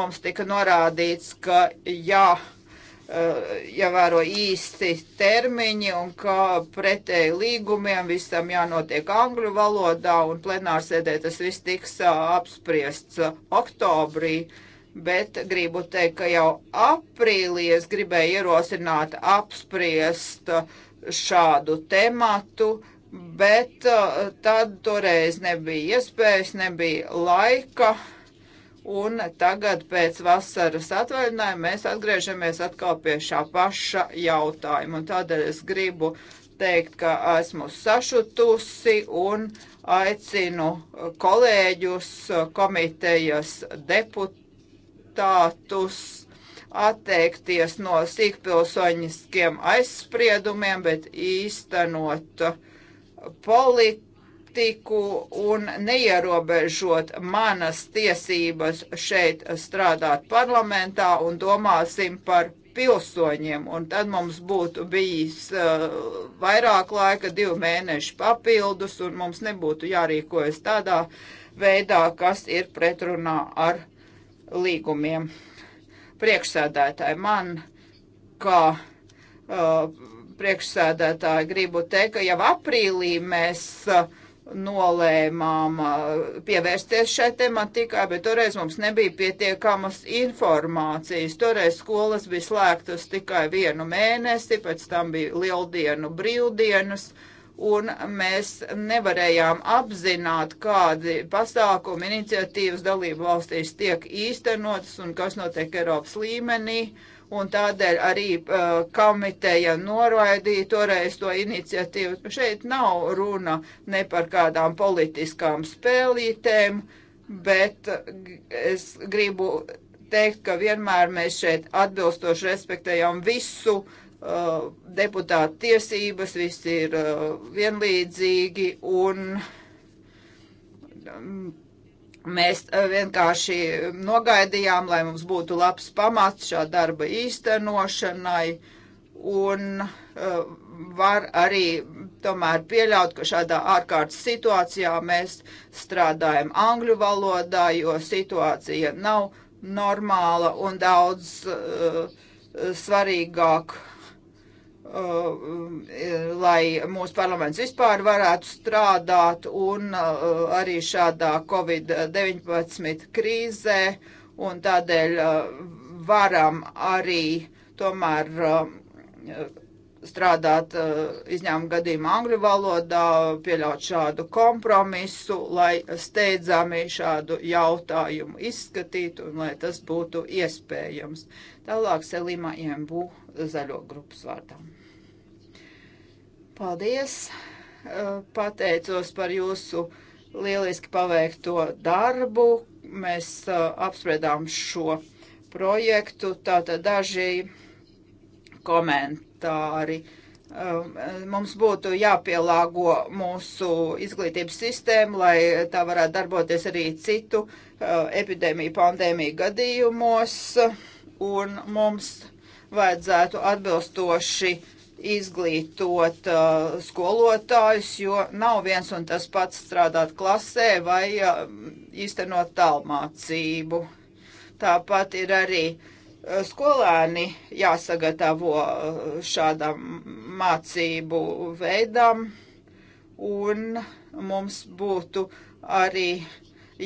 Mums tika norādīts, ka jā. Ja eh, jāvēro īsti termiņi un ka pretēji līgumiem visam jānotiek angļu valodā un plenārsēdē tas viss tiks eh, apspriests eh, oktobrī. Uh, bet gribu teikt, ka jau aprīlī es gribēju ierosināt apspriest šādu tematu, bet uh, tad toreiz nebija iespējas, nebija laika. Un tagad pēc vasaras atvaļinājuma mēs atgriežamies atkal pie šā paša jautājuma. Un tādēļ es gribu teikt, ka esmu sašutusi un aicinu kolēģus, komitejas deputātus rezultātus, atteikties no sīkpilsoņiskiem aizspriedumiem, bet īstenot politiku un neierobežot manas tiesības šeit strādāt parlamentā un domāsim par pilsoņiem, un tad mums būtu bijis uh, vairāk laika, divi mēneši papildus, un mums nebūtu jārīkojas tādā veidā, kas ir pretrunā ar līgumiem. Priekšsēdētāji man, kā uh, priekšsēdētāji, gribu teikt, ka jau aprīlī mēs uh, nolēmām uh, pievērsties šai tematikai, bet toreiz mums nebija pietiekamas informācijas. Toreiz skolas bija slēgtas tikai vienu mēnesi, pēc tam bija lieldienu brīvdienas. Uh, un mēs nevarējām apzināt, kādi pasākumi, iniciatīvas dalību valstīs tiek īstenotas un kas notiek Eiropas līmenī. Un tādēļ arī uh, komiteja noraidīja toreiz to iniciatīvu. Šeit nav runa ne par kādām politiskām spēlītēm, bet es gribu teikt, ka vienmēr mēs šeit atbilstoši respektējam visu uh, Uh, deputāta tiesības, visi ir uh, vienlīdzīgi un um, mēs uh, vienkārši nogaidījām, lai mums būtu labs pamats šā darba īstenošanai un var arī tomēr pieļaut, ka šādā ārkārtas situācijā mēs strādājam angļu valodā, jo situācija nav normāla un daudz uh, svarīgāk uh, Uh, lai mūsu parlaments vispār varētu strādāt un uh, arī šādā Covid-19 krīzē, un tādēļ uh, varam arī tomēr strādāt izņēmuma gadījumā angļu valodā, pieļaut šādu kompromisu, lai steidzami šādu jautājumu izskatītu un lai tas būtu iespējams. Tālāk Selīma Iembu zaļo grupas vārdā. Paldies! Eh, pateicos par jūsu lieliski paveikto darbu. Mēs eh, apspriedām šo projektu. Tātad daži komentāri. Eh, mums būtu jāpielāgo mūsu izglītības sistēmu, lai tā varētu darboties arī citu epidēmiju, pandēmiju gadījumos, un mums vajadzētu atbilstoši uh, izglītot uh, skolotājus, jo nav viens un tas pats strādāt klasē vai uh, īstenot tālmācību. Tāpat ir arī uh, skolēni jāsagatavo uh, šādam mācību veidam, un mums būtu arī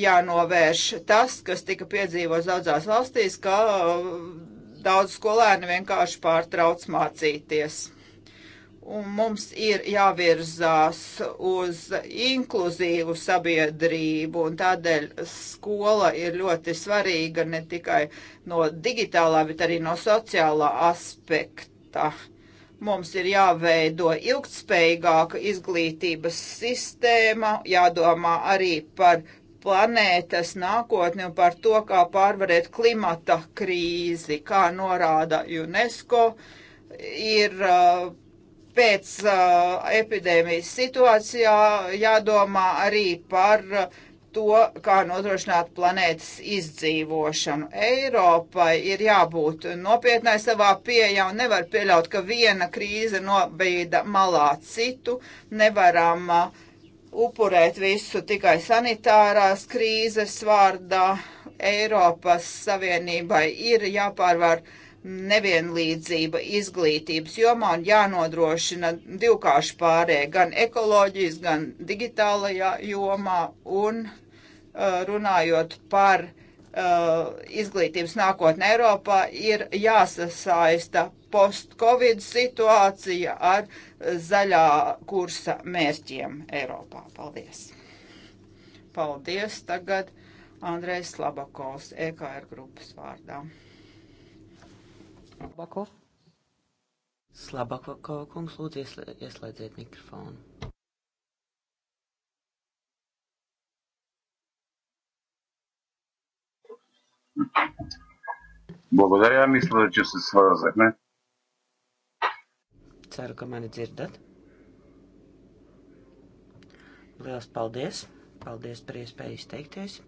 jānovērš tas, kas tika piedzīvots daudzās valstīs, ka uh, daudz skolēni vienkārši pārtrauc mācīties. Un mums ir jāvirzās uz inkluzīvu sabiedrību, un tādēļ skola ir ļoti svarīga ne tikai no digitālā, bet arī no sociālā aspekta. Mums ir jāveido ilgtspējīgāka izglītības sistēma, jādomā arī par planētas nākotni un par to, kā pārvarēt klimata krīzi, kā norāda UNESCO, ir uh, pēc uh, epidēmijas situācijā jādomā arī par uh, to, kā nodrošināt planētas izdzīvošanu. Eiropai ir jābūt nopietnai savā pieejā un nevar pieļaut, ka viena krīze nobeida malā citu. Nevaram uh, upurēt visu tikai sanitārās krīzes vārdā. Eiropas Savienībai ir jāpārvar uh, nevienlīdzība izglītības jomā un jānodrošina divkārši pārēja gan ekoloģijas, gan digitālajā jomā un uh, runājot par uh, izglītības nākotni Eiropā, ir jāsasaista post-covid situācija ar zaļā kursa mērķiem Eiropā. Paldies! Paldies! Tagad Andrejs Slabakovs, EKR grupas vārdā. Labako. Slabako kungs, lūdzu, ieslē, ieslēdziet mikrofonu. Благодаря, мисля, че се свързахме. Ceru, ka mani dzirdat. Lielas paldies! Paldies par iespēju izteikties.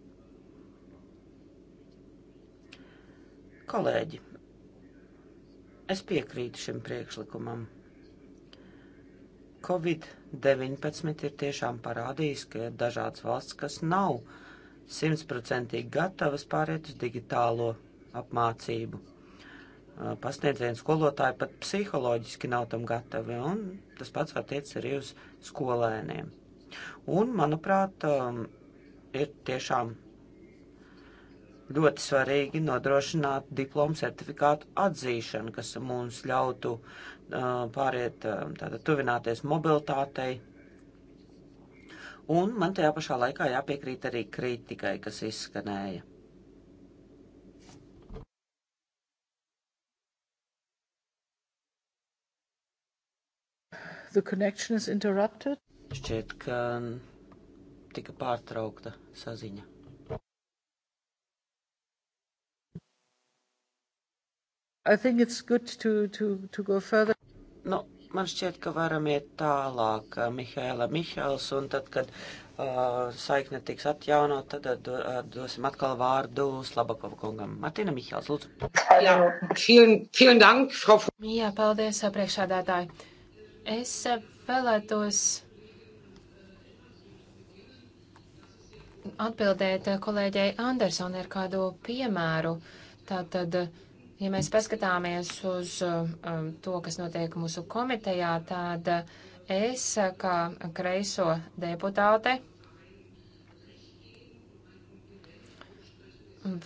Kolēģi, Es piekrītu šim priekšlikumam. Covid-19 ir tiešām parādījis, ka ir dažādas valsts, kas nav simtprocentīgi gatavas pāriet uz digitālo apmācību. Pasniedzējiem skolotāji pat psiholoģiski nav tam gatavi, un tas pats attiec arī uz skolēniem. Un, manuprāt, ir tiešām ļoti svarīgi nodrošināt diplomu certifikātu atzīšanu, kas mums ļautu uh, pāriet, uh, tātad tuvināties mobilitātei. Un man tajā pašā laikā jāpiekrīt arī kritikai, kas izskanēja. The connection is interrupted. Šķiet, ka tika pārtraukta saziņa. To, to, to nu, man šķiet, ka varam iet tālāk, Mihēla Mihēls, un tad, kad uh, saikne tiks atjaunot, tad do, uh, dosim atkal vārdu Slabakova kungam. Martina Mihēls, lūdzu. Jā, vielen, vielen dank, Frau. Jā, paldies, priekšādātāji. Es vēlētos atbildēt kolēģei Andersonai ar kādu piemēru. Tātad. Uh, Ja mēs paskatāmies uz uh, um, to, kas notiek mūsu komitejā, tad es, kā kreiso deputāte,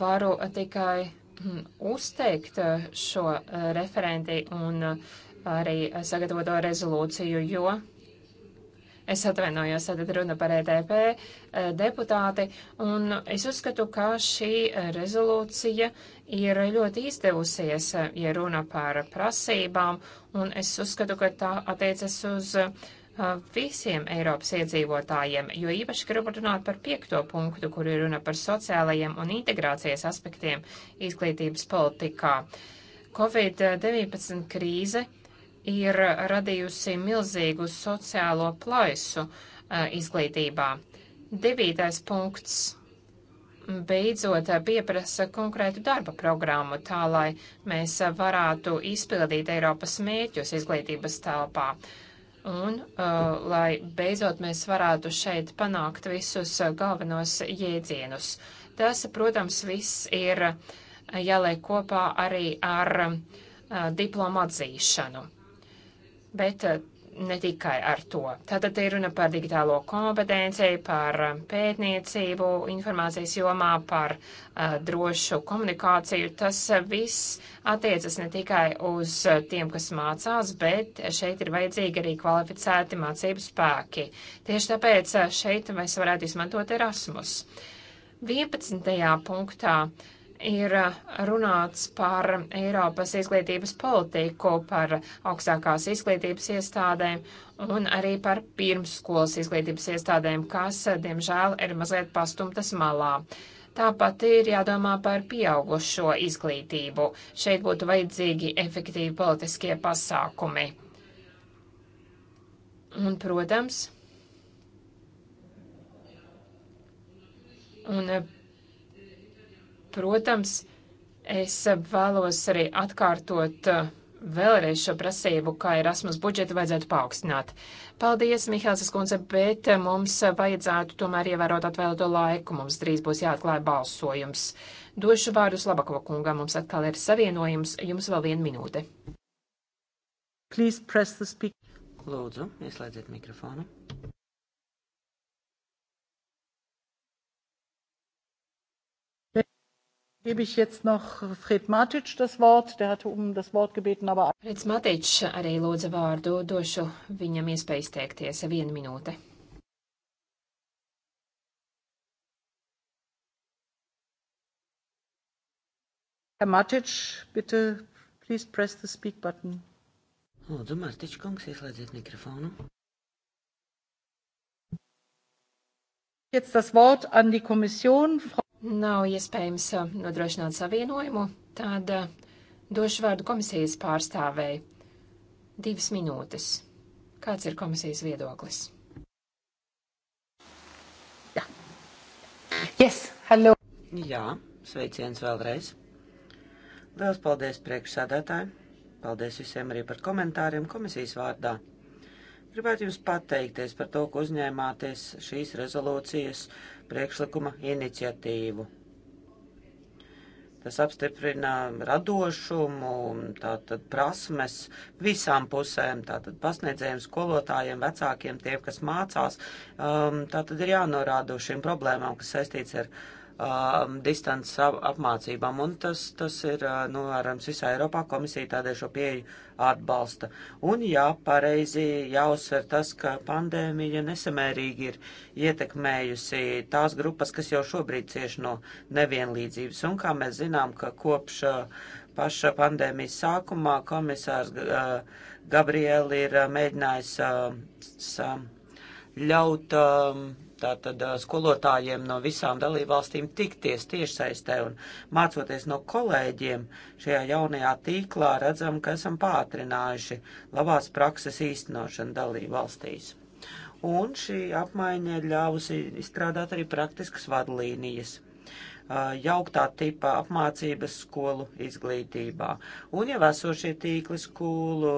varu tikai hm, uzteikt šo uh, referenti un uh, arī sagatavoto rezolūciju, jo Es atvainojos, tad runa par EDP eh, deputāti, un es uzskatu, ka šī eh, rezolūcija ir ļoti izdevusies, eh, ja runa par prasībām, un es uzskatu, ka tā attiecas uz visiem Eiropas iedzīvotājiem, jo īpaši gribu runāt par piekto punktu, kur ir runa par sociālajiem un integrācijas aspektiem izglītības politikā. Covid-19 krīze ir radījusi milzīgu sociālo plaisu eh, izglītībā. Devītais punkts beidzot eh, pieprasa konkrētu darba programmu tā, lai mēs eh, varētu izpildīt Eiropas mērķus izglītības telpā. Un uh, lai beidzot mēs varētu šeit panākt visus galvenos jēdzienus. Tas, protams, viss ir jāliek kopā arī ar uh, diplomu atzīšanu bet eh, ne tikai ar to. Tātad ir runa par digitālo kompetenciju, par eh, pētniecību, informācijas jomā, par uh, drošu komunikāciju. Tas viss attiecas ne tikai uz tiem, kas mācās, bet šeit ir vajadzīgi arī kvalificēti mācību spēki. Tieši tāpēc šeit mēs varētu izmantot Erasmus. 11. punktā uh, ir eh, runāts par Eiropas izglītības politiku, par augstākās izglītības iestādēm un arī par pirmsskolas izglītības iestādēm, kas, eh, diemžēl, ir mazliet pastumtas malā. Tāpat ir jādomā par pieaugušo izglītību. Šeit būtu vajadzīgi efektīvi politiskie pasākumi. Un, protams, un eh, Protams, es vēlos arī atkārtot uh, vēlreiz šo prasību, ka Erasmus budžetu vajadzētu paaugstināt. Paldies, Mihāls Skundze, bet uh, mums vajadzētu tomēr ievērot atvēlēto laiku. Mums drīz būs jāatklāja balsojums. Došu vārdus Labakova kungam, mums atkal ir savienojums, jums vēl viena minūte. Lūdzu, ieslēdziet mikrofonu. Gebe ich jetzt noch Fred Matic das Wort. Der hatte um das Wort gebeten, aber. Freds Matic arī lūdza vārdu. Došu viņam iespēju izteikties. Viena minūte. Herr Matic, bitte, please press the speak button. Lūdzu, Matic kungs, ieslēdziet mikrofonu. Jetzt das Wort an die Kommission. Frau nav iespējams uh, nodrošināt savienojumu, tad uh, došu vārdu komisijas pārstāvēji. Divas minūtes. Kāds ir komisijas viedoklis? Jā, yes, hello. Jā sveiciens vēlreiz. Liels paldies priekšsādātājiem. Paldies visiem arī par komentāriem komisijas vārdā. Gribētu jums pateikties par to, ka uzņēmāties šīs rezolūcijas uh, priekšlikuma iniciatīvu. Tas apstiprina radošumu, tātad prasmes visām pusēm, tātad pasniedzējiem, skolotājiem, vecākiem, tiem, kas mācās. Um, tātad ir jānorāda šīm problēmām, kas saistīts ar uh, um, distances apmācībām, un tas, tas ir uh, novērojams visā Eiropā. Komisija tādēļ šo pieeju atbalsta. Un jā, pareizi jāuzsver tas, ka pandēmija nesamērīgi ir ietekmējusi tās grupas, kas jau šobrīd cieši no nevienlīdzības. Un kā mēs zinām, ka kopš uh, paša pandēmijas sākumā komisārs uh, Gabrieli ir uh, mēģinājis uh, s, uh, ļaut. Uh, tātad skolotājiem no visām dalībvalstīm tikties tiešsaistē un mācoties no kolēģiem šajā jaunajā tīklā, redzam, ka esam pātrinājuši labās prakses īstenošanu dalībvalstīs. Un šī apmaiņa ir ļāvusi izstrādāt arī praktiskas vadlīnijas jauktā tipa apmācības skolu izglītībā. Un jau esošie tīkli skolu,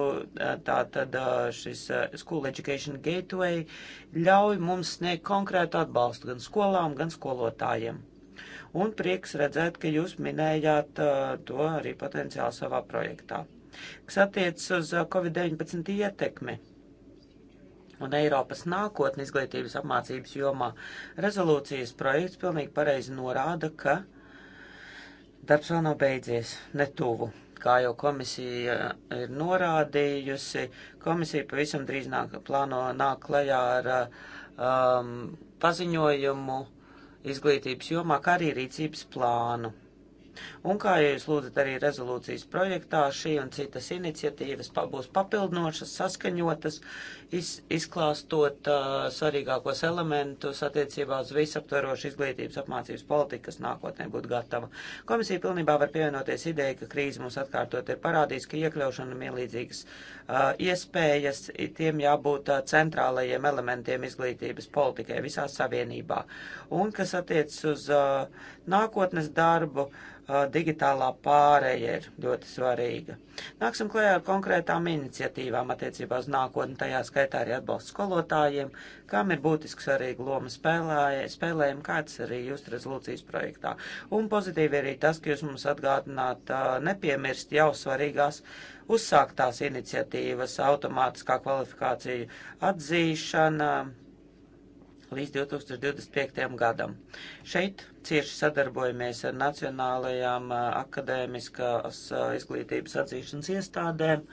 tātad šis School Education Gateway ļauj mums sniegt konkrētu atbalstu gan skolām, gan skolotājiem. Un prieks redzēt, ka jūs minējāt to arī potenciāli savā projektā. Kas attiecas uz Covid-19 ietekmi? un Eiropas nākotni izglītības apmācības jomā. Rezolūcijas projekts pilnīgi pareizi norāda, ka darbs vēl nav beidzies, ne tuvu. Kā jau komisija ir norādījusi, komisija pavisam drīz nāk, plāno nāk klajā ar um, paziņojumu izglītības jomā, kā arī rīcības plānu. Un, kā jūs lūdzat arī rezolūcijas projektā, šī un citas iniciatīvas pa, būs papildinošas, saskaņotas, iz, izklāstot uh, svarīgākos elementus attiecībā uz visaptverošu izglītības apmācības politiku, kas nākotnē būtu gatava. Komisija pilnībā var pievienoties ideja, ka krīze mums atkārtot ir parādījusi, ka iekļaušana un vienlīdzīgas uh, iespējas, tiem jābūt uh, centrālajiem elementiem izglītības politikai visā savienībā. Un, kas attiecas uz uh, nākotnes darbu, uh, digitālā pāreja ir ļoti svarīga. Nāksim klajā ar konkrētām iniciatīvām attiecībā uz nākotni, tajā skaitā arī atbalsts skolotājiem, kam ir būtiski svarīga loma spēlējiem, kāds arī jūsu rezolūcijas projektā. Un pozitīvi arī tas, ka jūs mums atgādināt nepiemirst jau svarīgās uzsāktās iniciatīvas, automātiskā kvalifikācija atzīšana, līdz 2025. gadam. Šeit cieši sadarbojamies ar Nacionālajām akadēmiskās izglītības atzīšanas iestādēm,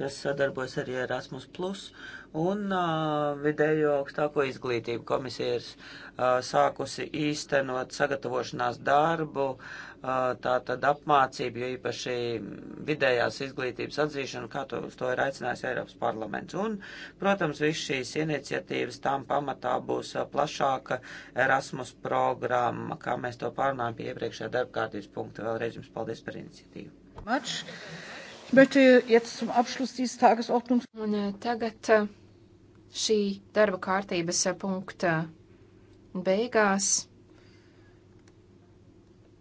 kas sadarbojas arī ar Erasmus, un vidējo augstāko izglītību komisija ir sākusi īstenot sagatavošanās darbu tātad apmācību, jo īpaši vidējās izglītības atzīšanu, kā to, uz to ir aicinājis Eiropas parlaments. Un, protams, viss šīs iniciatīvas tam pamatā būs plašāka Erasmus programma, kā mēs to pārnājam pie iepriekšējā darbkārtības punkta. Vēlreiz jums paldies par iniciatīvu. Mač. Bet, jetzt zum Abschluss dieses Tagesordnungs. Un tagad šī darba kārtības punkta beigās.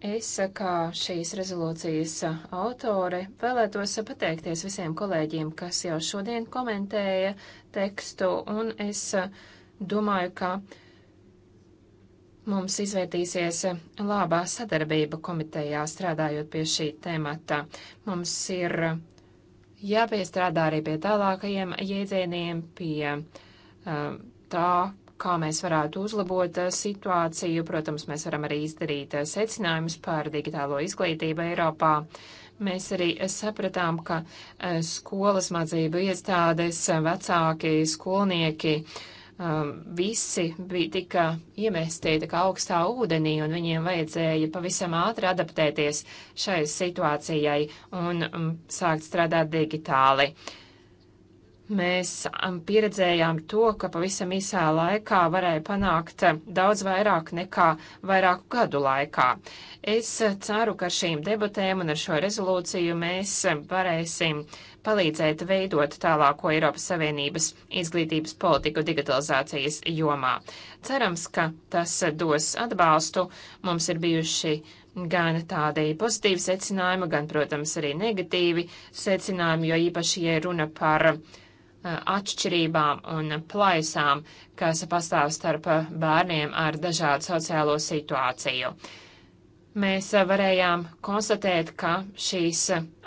Es, eh, kā šīs rezolūcijas eh, autore, vēlētos eh, pateikties visiem kolēģiem, kas jau šodien komentēja tekstu, un es domāju, ka mums izvērtīsies labā sadarbība komitejā strādājot pie šī temata. Mums ir jāpiestrādā arī pie tālākajiem jēdzieniem, pie uh, tā, kā mēs varētu uzlabot eh, situāciju. Protams, mēs varam arī izdarīt eh, secinājumus par digitālo izglītību Eiropā. Mēs arī eh, sapratām, ka skolas mācību iestādes, vecāki, skolnieki, visi bija tika iemesti tā kā augstā ūdenī, un viņiem vajadzēja pavisam ātri adaptēties šai situācijai un mm, sākt strādāt digitāli. Uh, mēs um, pieredzējām to, ka pavisam īsā laikā varēja panākt um, daudz vairāk nekā vairāku gadu laikā. Es uh, ceru, ka ar šīm debatēm un ar šo rezolūciju mēs um, varēsim palīdzēt veidot tālāko Eiropas Savienības izglītības politiku digitalizācijas jomā. Cerams, ka tas uh, dos atbalstu. Mums ir bijuši gan tādi pozitīvi secinājumi, gan, protams, arī negatīvi secinājumi, jo īpaši, ja runa par uh, Eh, atšķirībām un plaisām, kas pastāv starp eh, bērniem ar dažādu sociālo situāciju. Mēs eh, varējām konstatēt, ka šīs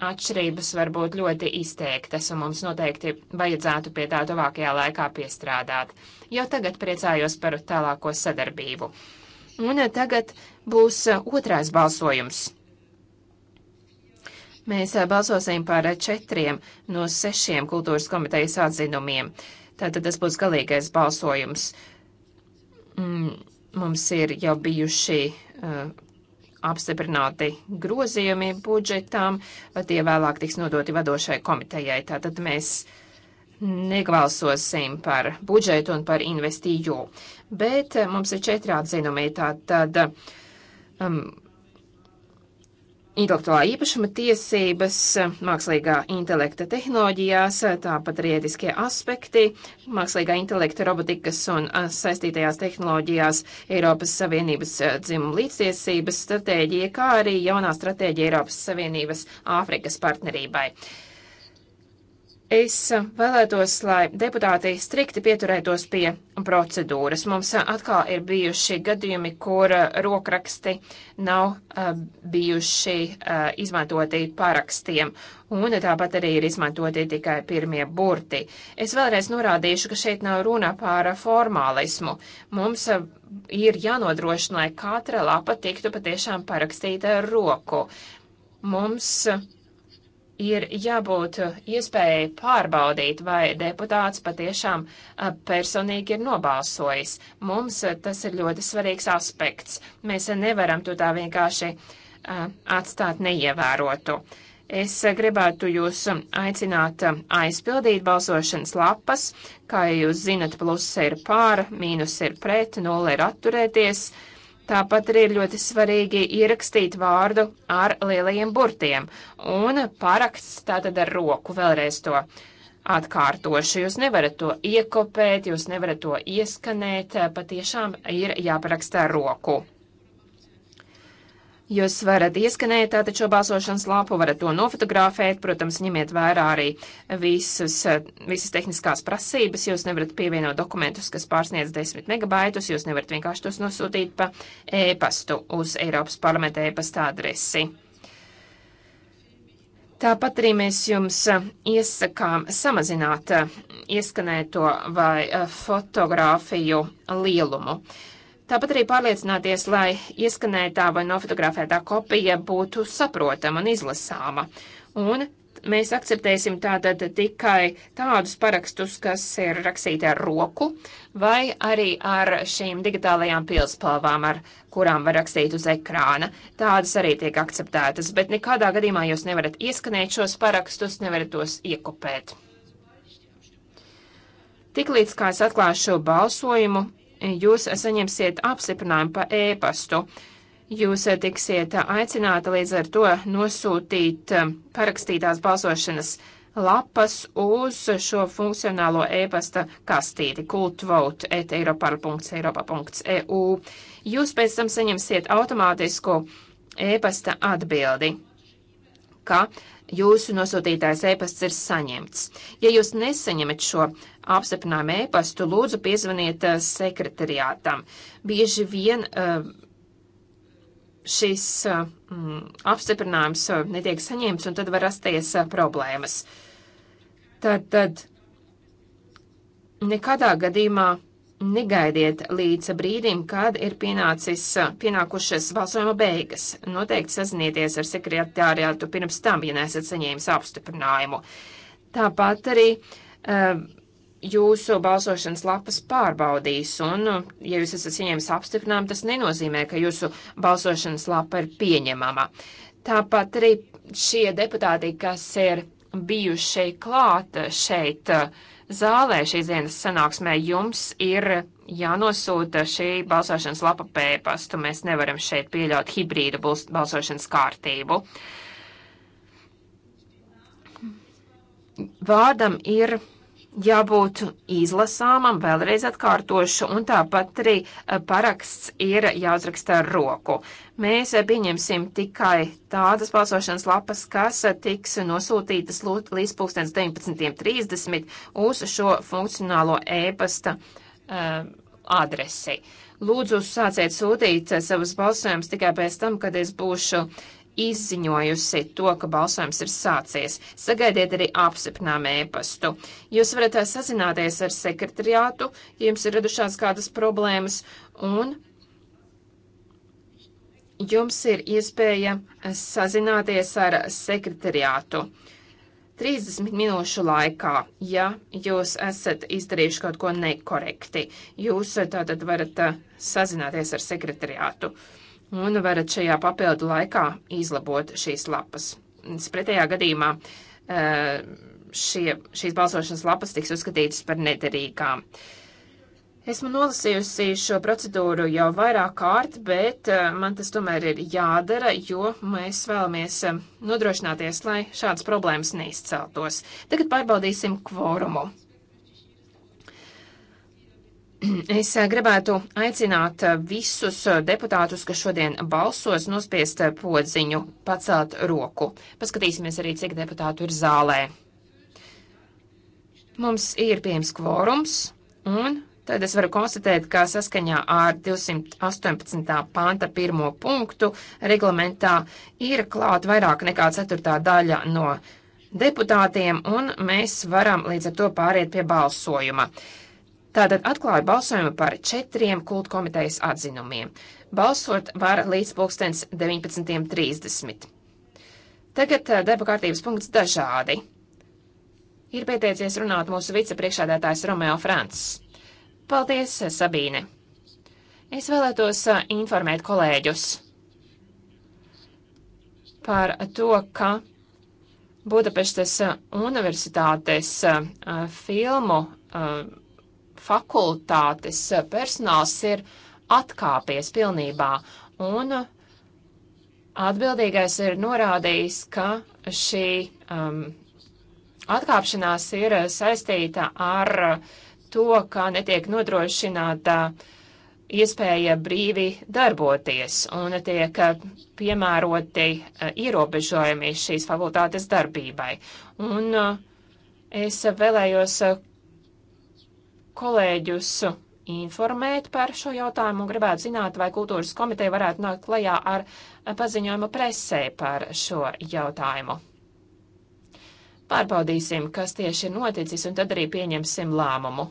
atšķirības var būt ļoti izteiktas, un mums noteikti vajadzētu pie tā tuvākajā laikā piestrādāt. Jau tagad priecājos par tālāko sadarbību. Un tagad būs otrais balsojums. Mēs balsosim par četriem no sešiem kultūras komitejas atzinumiem. Tātad tas būs galīgais balsojums. Mm, mums ir jau bijuši apstiprināti grozījumi budžetām, tie vēlāk tiks nodoti vadošai komitejai. Tātad mēs negvalsosim par budžetu un par investīju, bet mums ir četri atzinumi. Tātad um, intelektuālā īpašuma tiesības, mākslīgā intelekta tehnoloģijās, tāpat arī ētiskie aspekti, mākslīgā intelekta robotikas un saistītajās tehnoloģijās, Eiropas Savienības dzimuma līdztiesības stratēģija, kā arī jaunā stratēģija Eiropas Savienības Āfrikas partnerībai. Es vēlētos, lai deputāti strikti pieturētos pie procedūras. Mums atkal ir bijuši gadījumi, kur rokraksti nav eh, bijuši eh, izmantoti parakstiem, un tāpat arī ir izmantoti tikai pirmie burti. Es vēlreiz norādīšu, ka šeit nav runa par formālismu. Mums eh, ir jānodrošina, lai katra lapa tiktu patiešām parakstīta ar roku. Mums ir jābūt uh, iespējai pārbaudīt, vai deputāts patiešām uh, personīgi ir nobalsojis. Mums uh, tas ir ļoti svarīgs aspekts. Mēs nevaram to tā vienkārši atstāt neievērotu. Es gribētu jūs um, aicināt um, aizpildīt balsošanas lapas, kā jūs zinat, plus ir pār, mīnus ir pret, nulle ir atturēties. Uh, Tāpat arī ir ļoti svarīgi ierakstīt vārdu ar lielajiem burtiem un paraksts tātad ar roku vēlreiz to atkārtošu. Jūs nevarat to iekopēt, jūs nevarat to ieskanēt, patiešām ir jāparaksta ar roku. Jūs varat ieskanēt tātad šo balsošanas lapu, varat to nofotografēt, protams, ņemiet vērā arī visas, visas tehniskās prasības, jūs nevarat pievienot dokumentus, kas pārsniedz 10 megabaitus, jūs nevarat vienkārši tos nosūtīt pa e-pastu uz Eiropas parlamenta e-pasta adresi. Tāpat arī mēs jums iesakām samazināt ieskanēto vai fotografiju lielumu. Uh, Tāpat arī pārliecināties, lai ieskanētā vai nofotografētā kopija būtu saprotama un izlasāma. Un mēs akceptēsim tātad tikai tādus parakstus, kas ir rakstīti ar roku vai arī ar šīm digitālajām pilspalvām, ar kurām var rakstīt uz ekrāna. Tādas arī tiek akceptētas, bet nekādā gadījumā jūs nevarat ieskanēt šos parakstus, nevarat tos iekopēt. Tiklīdz kā es atklāšu balsojumu, jūs saņemsiet apsiprinājumu pa ēpastu. Jūs eh, tiksiet aicināti līdz ar to nosūtīt eh, parakstītās balsošanas lapas uz šo funkcionālo ēpasta kastīti kultvote.eiroparl.europa.eu. Jūs pēc tam saņemsiet automātisku ēpasta atbildi, ka uh, jūsu nosūtītājs e-pasts ir saņemts. Ja jūs nesaņemat šo apstiprinājumu e-pastu, lūdzu piezvaniet uh, sekretariātam. Bieži vien uh, šis uh, mm, apstiprinājums netiek saņemts, un tad var rasties problēmas. Tad, tad nekādā gadījumā negaidiet līdz brīdim, kad ir pienācis, pienākušas balsojuma beigas. Noteikti sazinieties ar sekretariātu pirms tam, ja nesat saņēmis apstiprinājumu. Tāpat arī uh, jūsu balsošanas lapas pārbaudīs, un, ja jūs esat saņēmis apstiprinājumu, tas nenozīmē, ka jūsu balsošanas lapa ir pieņemama. Tāpat arī šie deputāti, kas ir bijuši klāt šeit, uh, zālē šīs dienas sanāksmē jums ir jānosūta šī balsošanas lapa pēpastu. Mēs nevaram šeit pieļaut hibrīdu balsošanas kārtību. Vārdam ir jābūt izlasāmam, vēlreiz atkārtošu, un tāpat arī eh, paraksts ir jāuzraksta ar roku. Mēs eh, pieņemsim tikai tādas balsošanas lapas, kas eh, tiks nosūtītas līdz 19.30 uz šo funkcionālo ēpasta um, adresi. Lūdzu, sāciet sūtīt savus balsojumus tikai pēc tam, kad es būšu izziņojusi to, ka balsojums ir sācies. Sagaidiet arī apsiprinām ēpastu. Jūs varat eh, sazināties ar sekretariātu, ja jums ir radušās kādas problēmas, un jums ir iespēja eh, sazināties ar sekretariātu. 30 minūšu laikā, ja jūs esat izdarījuši kaut ko nekorekti, jūs eh, tātad varat sazināties ar sekretariātu. Uh, un varat šajā papildu laikā izlabot šīs lapas. Pretējā gadījumā eh, šie, šīs balsošanas lapas tiks uzskatītas par nederīgām. Esmu nolasījusi šo procedūru jau vairāk kārt, bet eh, man tas tomēr ir jādara, jo mēs vēlamies eh, nodrošināties, lai šādas problēmas neizceltos. Tagad pārbaudīsim kvorumu. Es eh, gribētu aicināt eh, visus eh, deputātus, kas šodien balsos, nospiest podziņu, pacelt roku. Paskatīsimies arī, cik deputātu ir zālē. Mums ir pieejams kvorums, un tad es varu konstatēt, ka saskaņā ar 218. panta pirmo punktu reglamentā ir klāt vairāk nekā ceturtā daļa no deputātiem, un mēs varam līdz ar to pāriet pie balsojuma. Uh, Tātad atklāju balsojumu par četriem kultu komitejas atzinumiem. Balsot var līdz pulkstens 19.30. Tagad eh, darba kārtības punkts dažādi. Ir pieteicies runāt mūsu vicepriekšādātājs Romeo Francis. Paldies, eh, Sabīne! Es vēlētos eh, informēt kolēģus par to, ka Budapestes universitātes filmu fakultātes personāls ir atkāpies pilnībā, un atbildīgais ir norādījis, ka šī um, atkāpšanās ir saistīta ar to, ka netiek nodrošināta iespēja brīvi darboties un tiek piemēroti uh, ierobežojumi šīs fakultātes darbībai. Un uh, es vēlējos kolēģus informēt par šo jautājumu un gribētu zināt, vai kultūras komiteja varētu nākt klajā ar paziņojumu presē par šo jautājumu. Pārbaudīsim, kas tieši ir noticis, un tad arī pieņemsim lēmumu.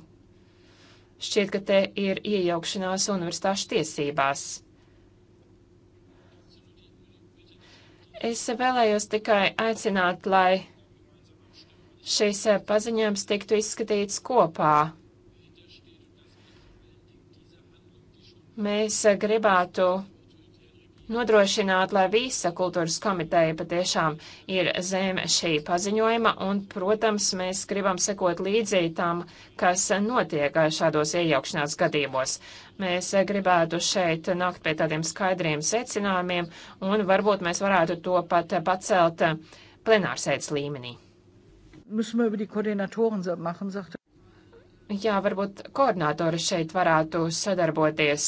Šķiet, ka te ir iejaukšanās universitāšu tiesībās. Es vēlējos tikai aicināt, lai šis paziņojums tiktu izskatīts kopā Mēs eh, gribētu nodrošināt, lai visa kultūras komiteja patiešām ir zem šī paziņojuma, un, protams, mēs gribam sekot līdzi tam, kas notiek eh, šādos iejaukšanās gadījumos. Mēs eh, gribētu šeit nākt pie tādiem skaidriem secinājumiem, un varbūt mēs varētu to pat pacelt plenārsēdes līmenī. Müssen wir über die Koordinatoren machen, sagte. Er. Jā, varbūt koordinātori šeit varētu sadarboties.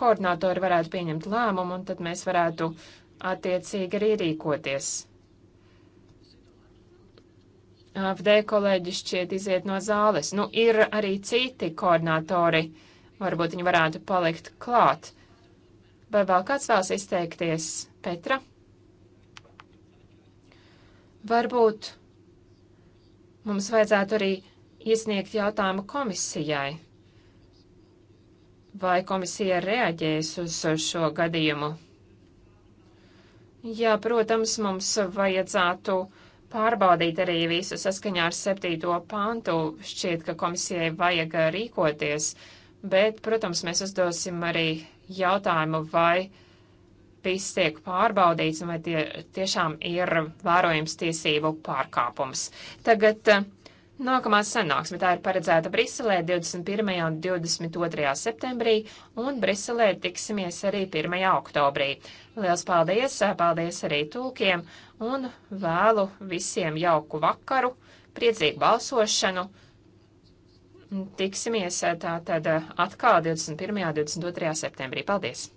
Koordinātori varētu pieņemt lēmumu, un tad mēs varētu attiecīgi arī rīkoties. AFD kolēģi šķiet iziet no zāles. Nu, ir arī citi koordinātori. Varbūt viņi varētu palikt klāt. Vai vēl kāds vēlas izteikties? Petra? Varbūt mums vajadzētu arī iesniegt jautājumu komisijai. Vai komisija reaģēs uz šo gadījumu? Jā, protams, mums vajadzētu pārbaudīt arī visu saskaņā ar septīto pantu. Šķiet, ka komisijai vajag rīkoties, bet, protams, mēs uzdosim arī jautājumu, vai viss tiek pārbaudīts un vai tie tiešām ir vērojams tiesību pārkāpums. Tagad eh, nākamā sanāksme tā ir paredzēta Briselē 21. un 22. septembrī un Briselē tiksimies arī 1. oktobrī. Liels paldies, eh, paldies arī tulkiem un vēlu visiem jauku vakaru, priecīgu balsošanu. Tiksimies eh, tātad atkal 21. un 22. septembrī. Paldies!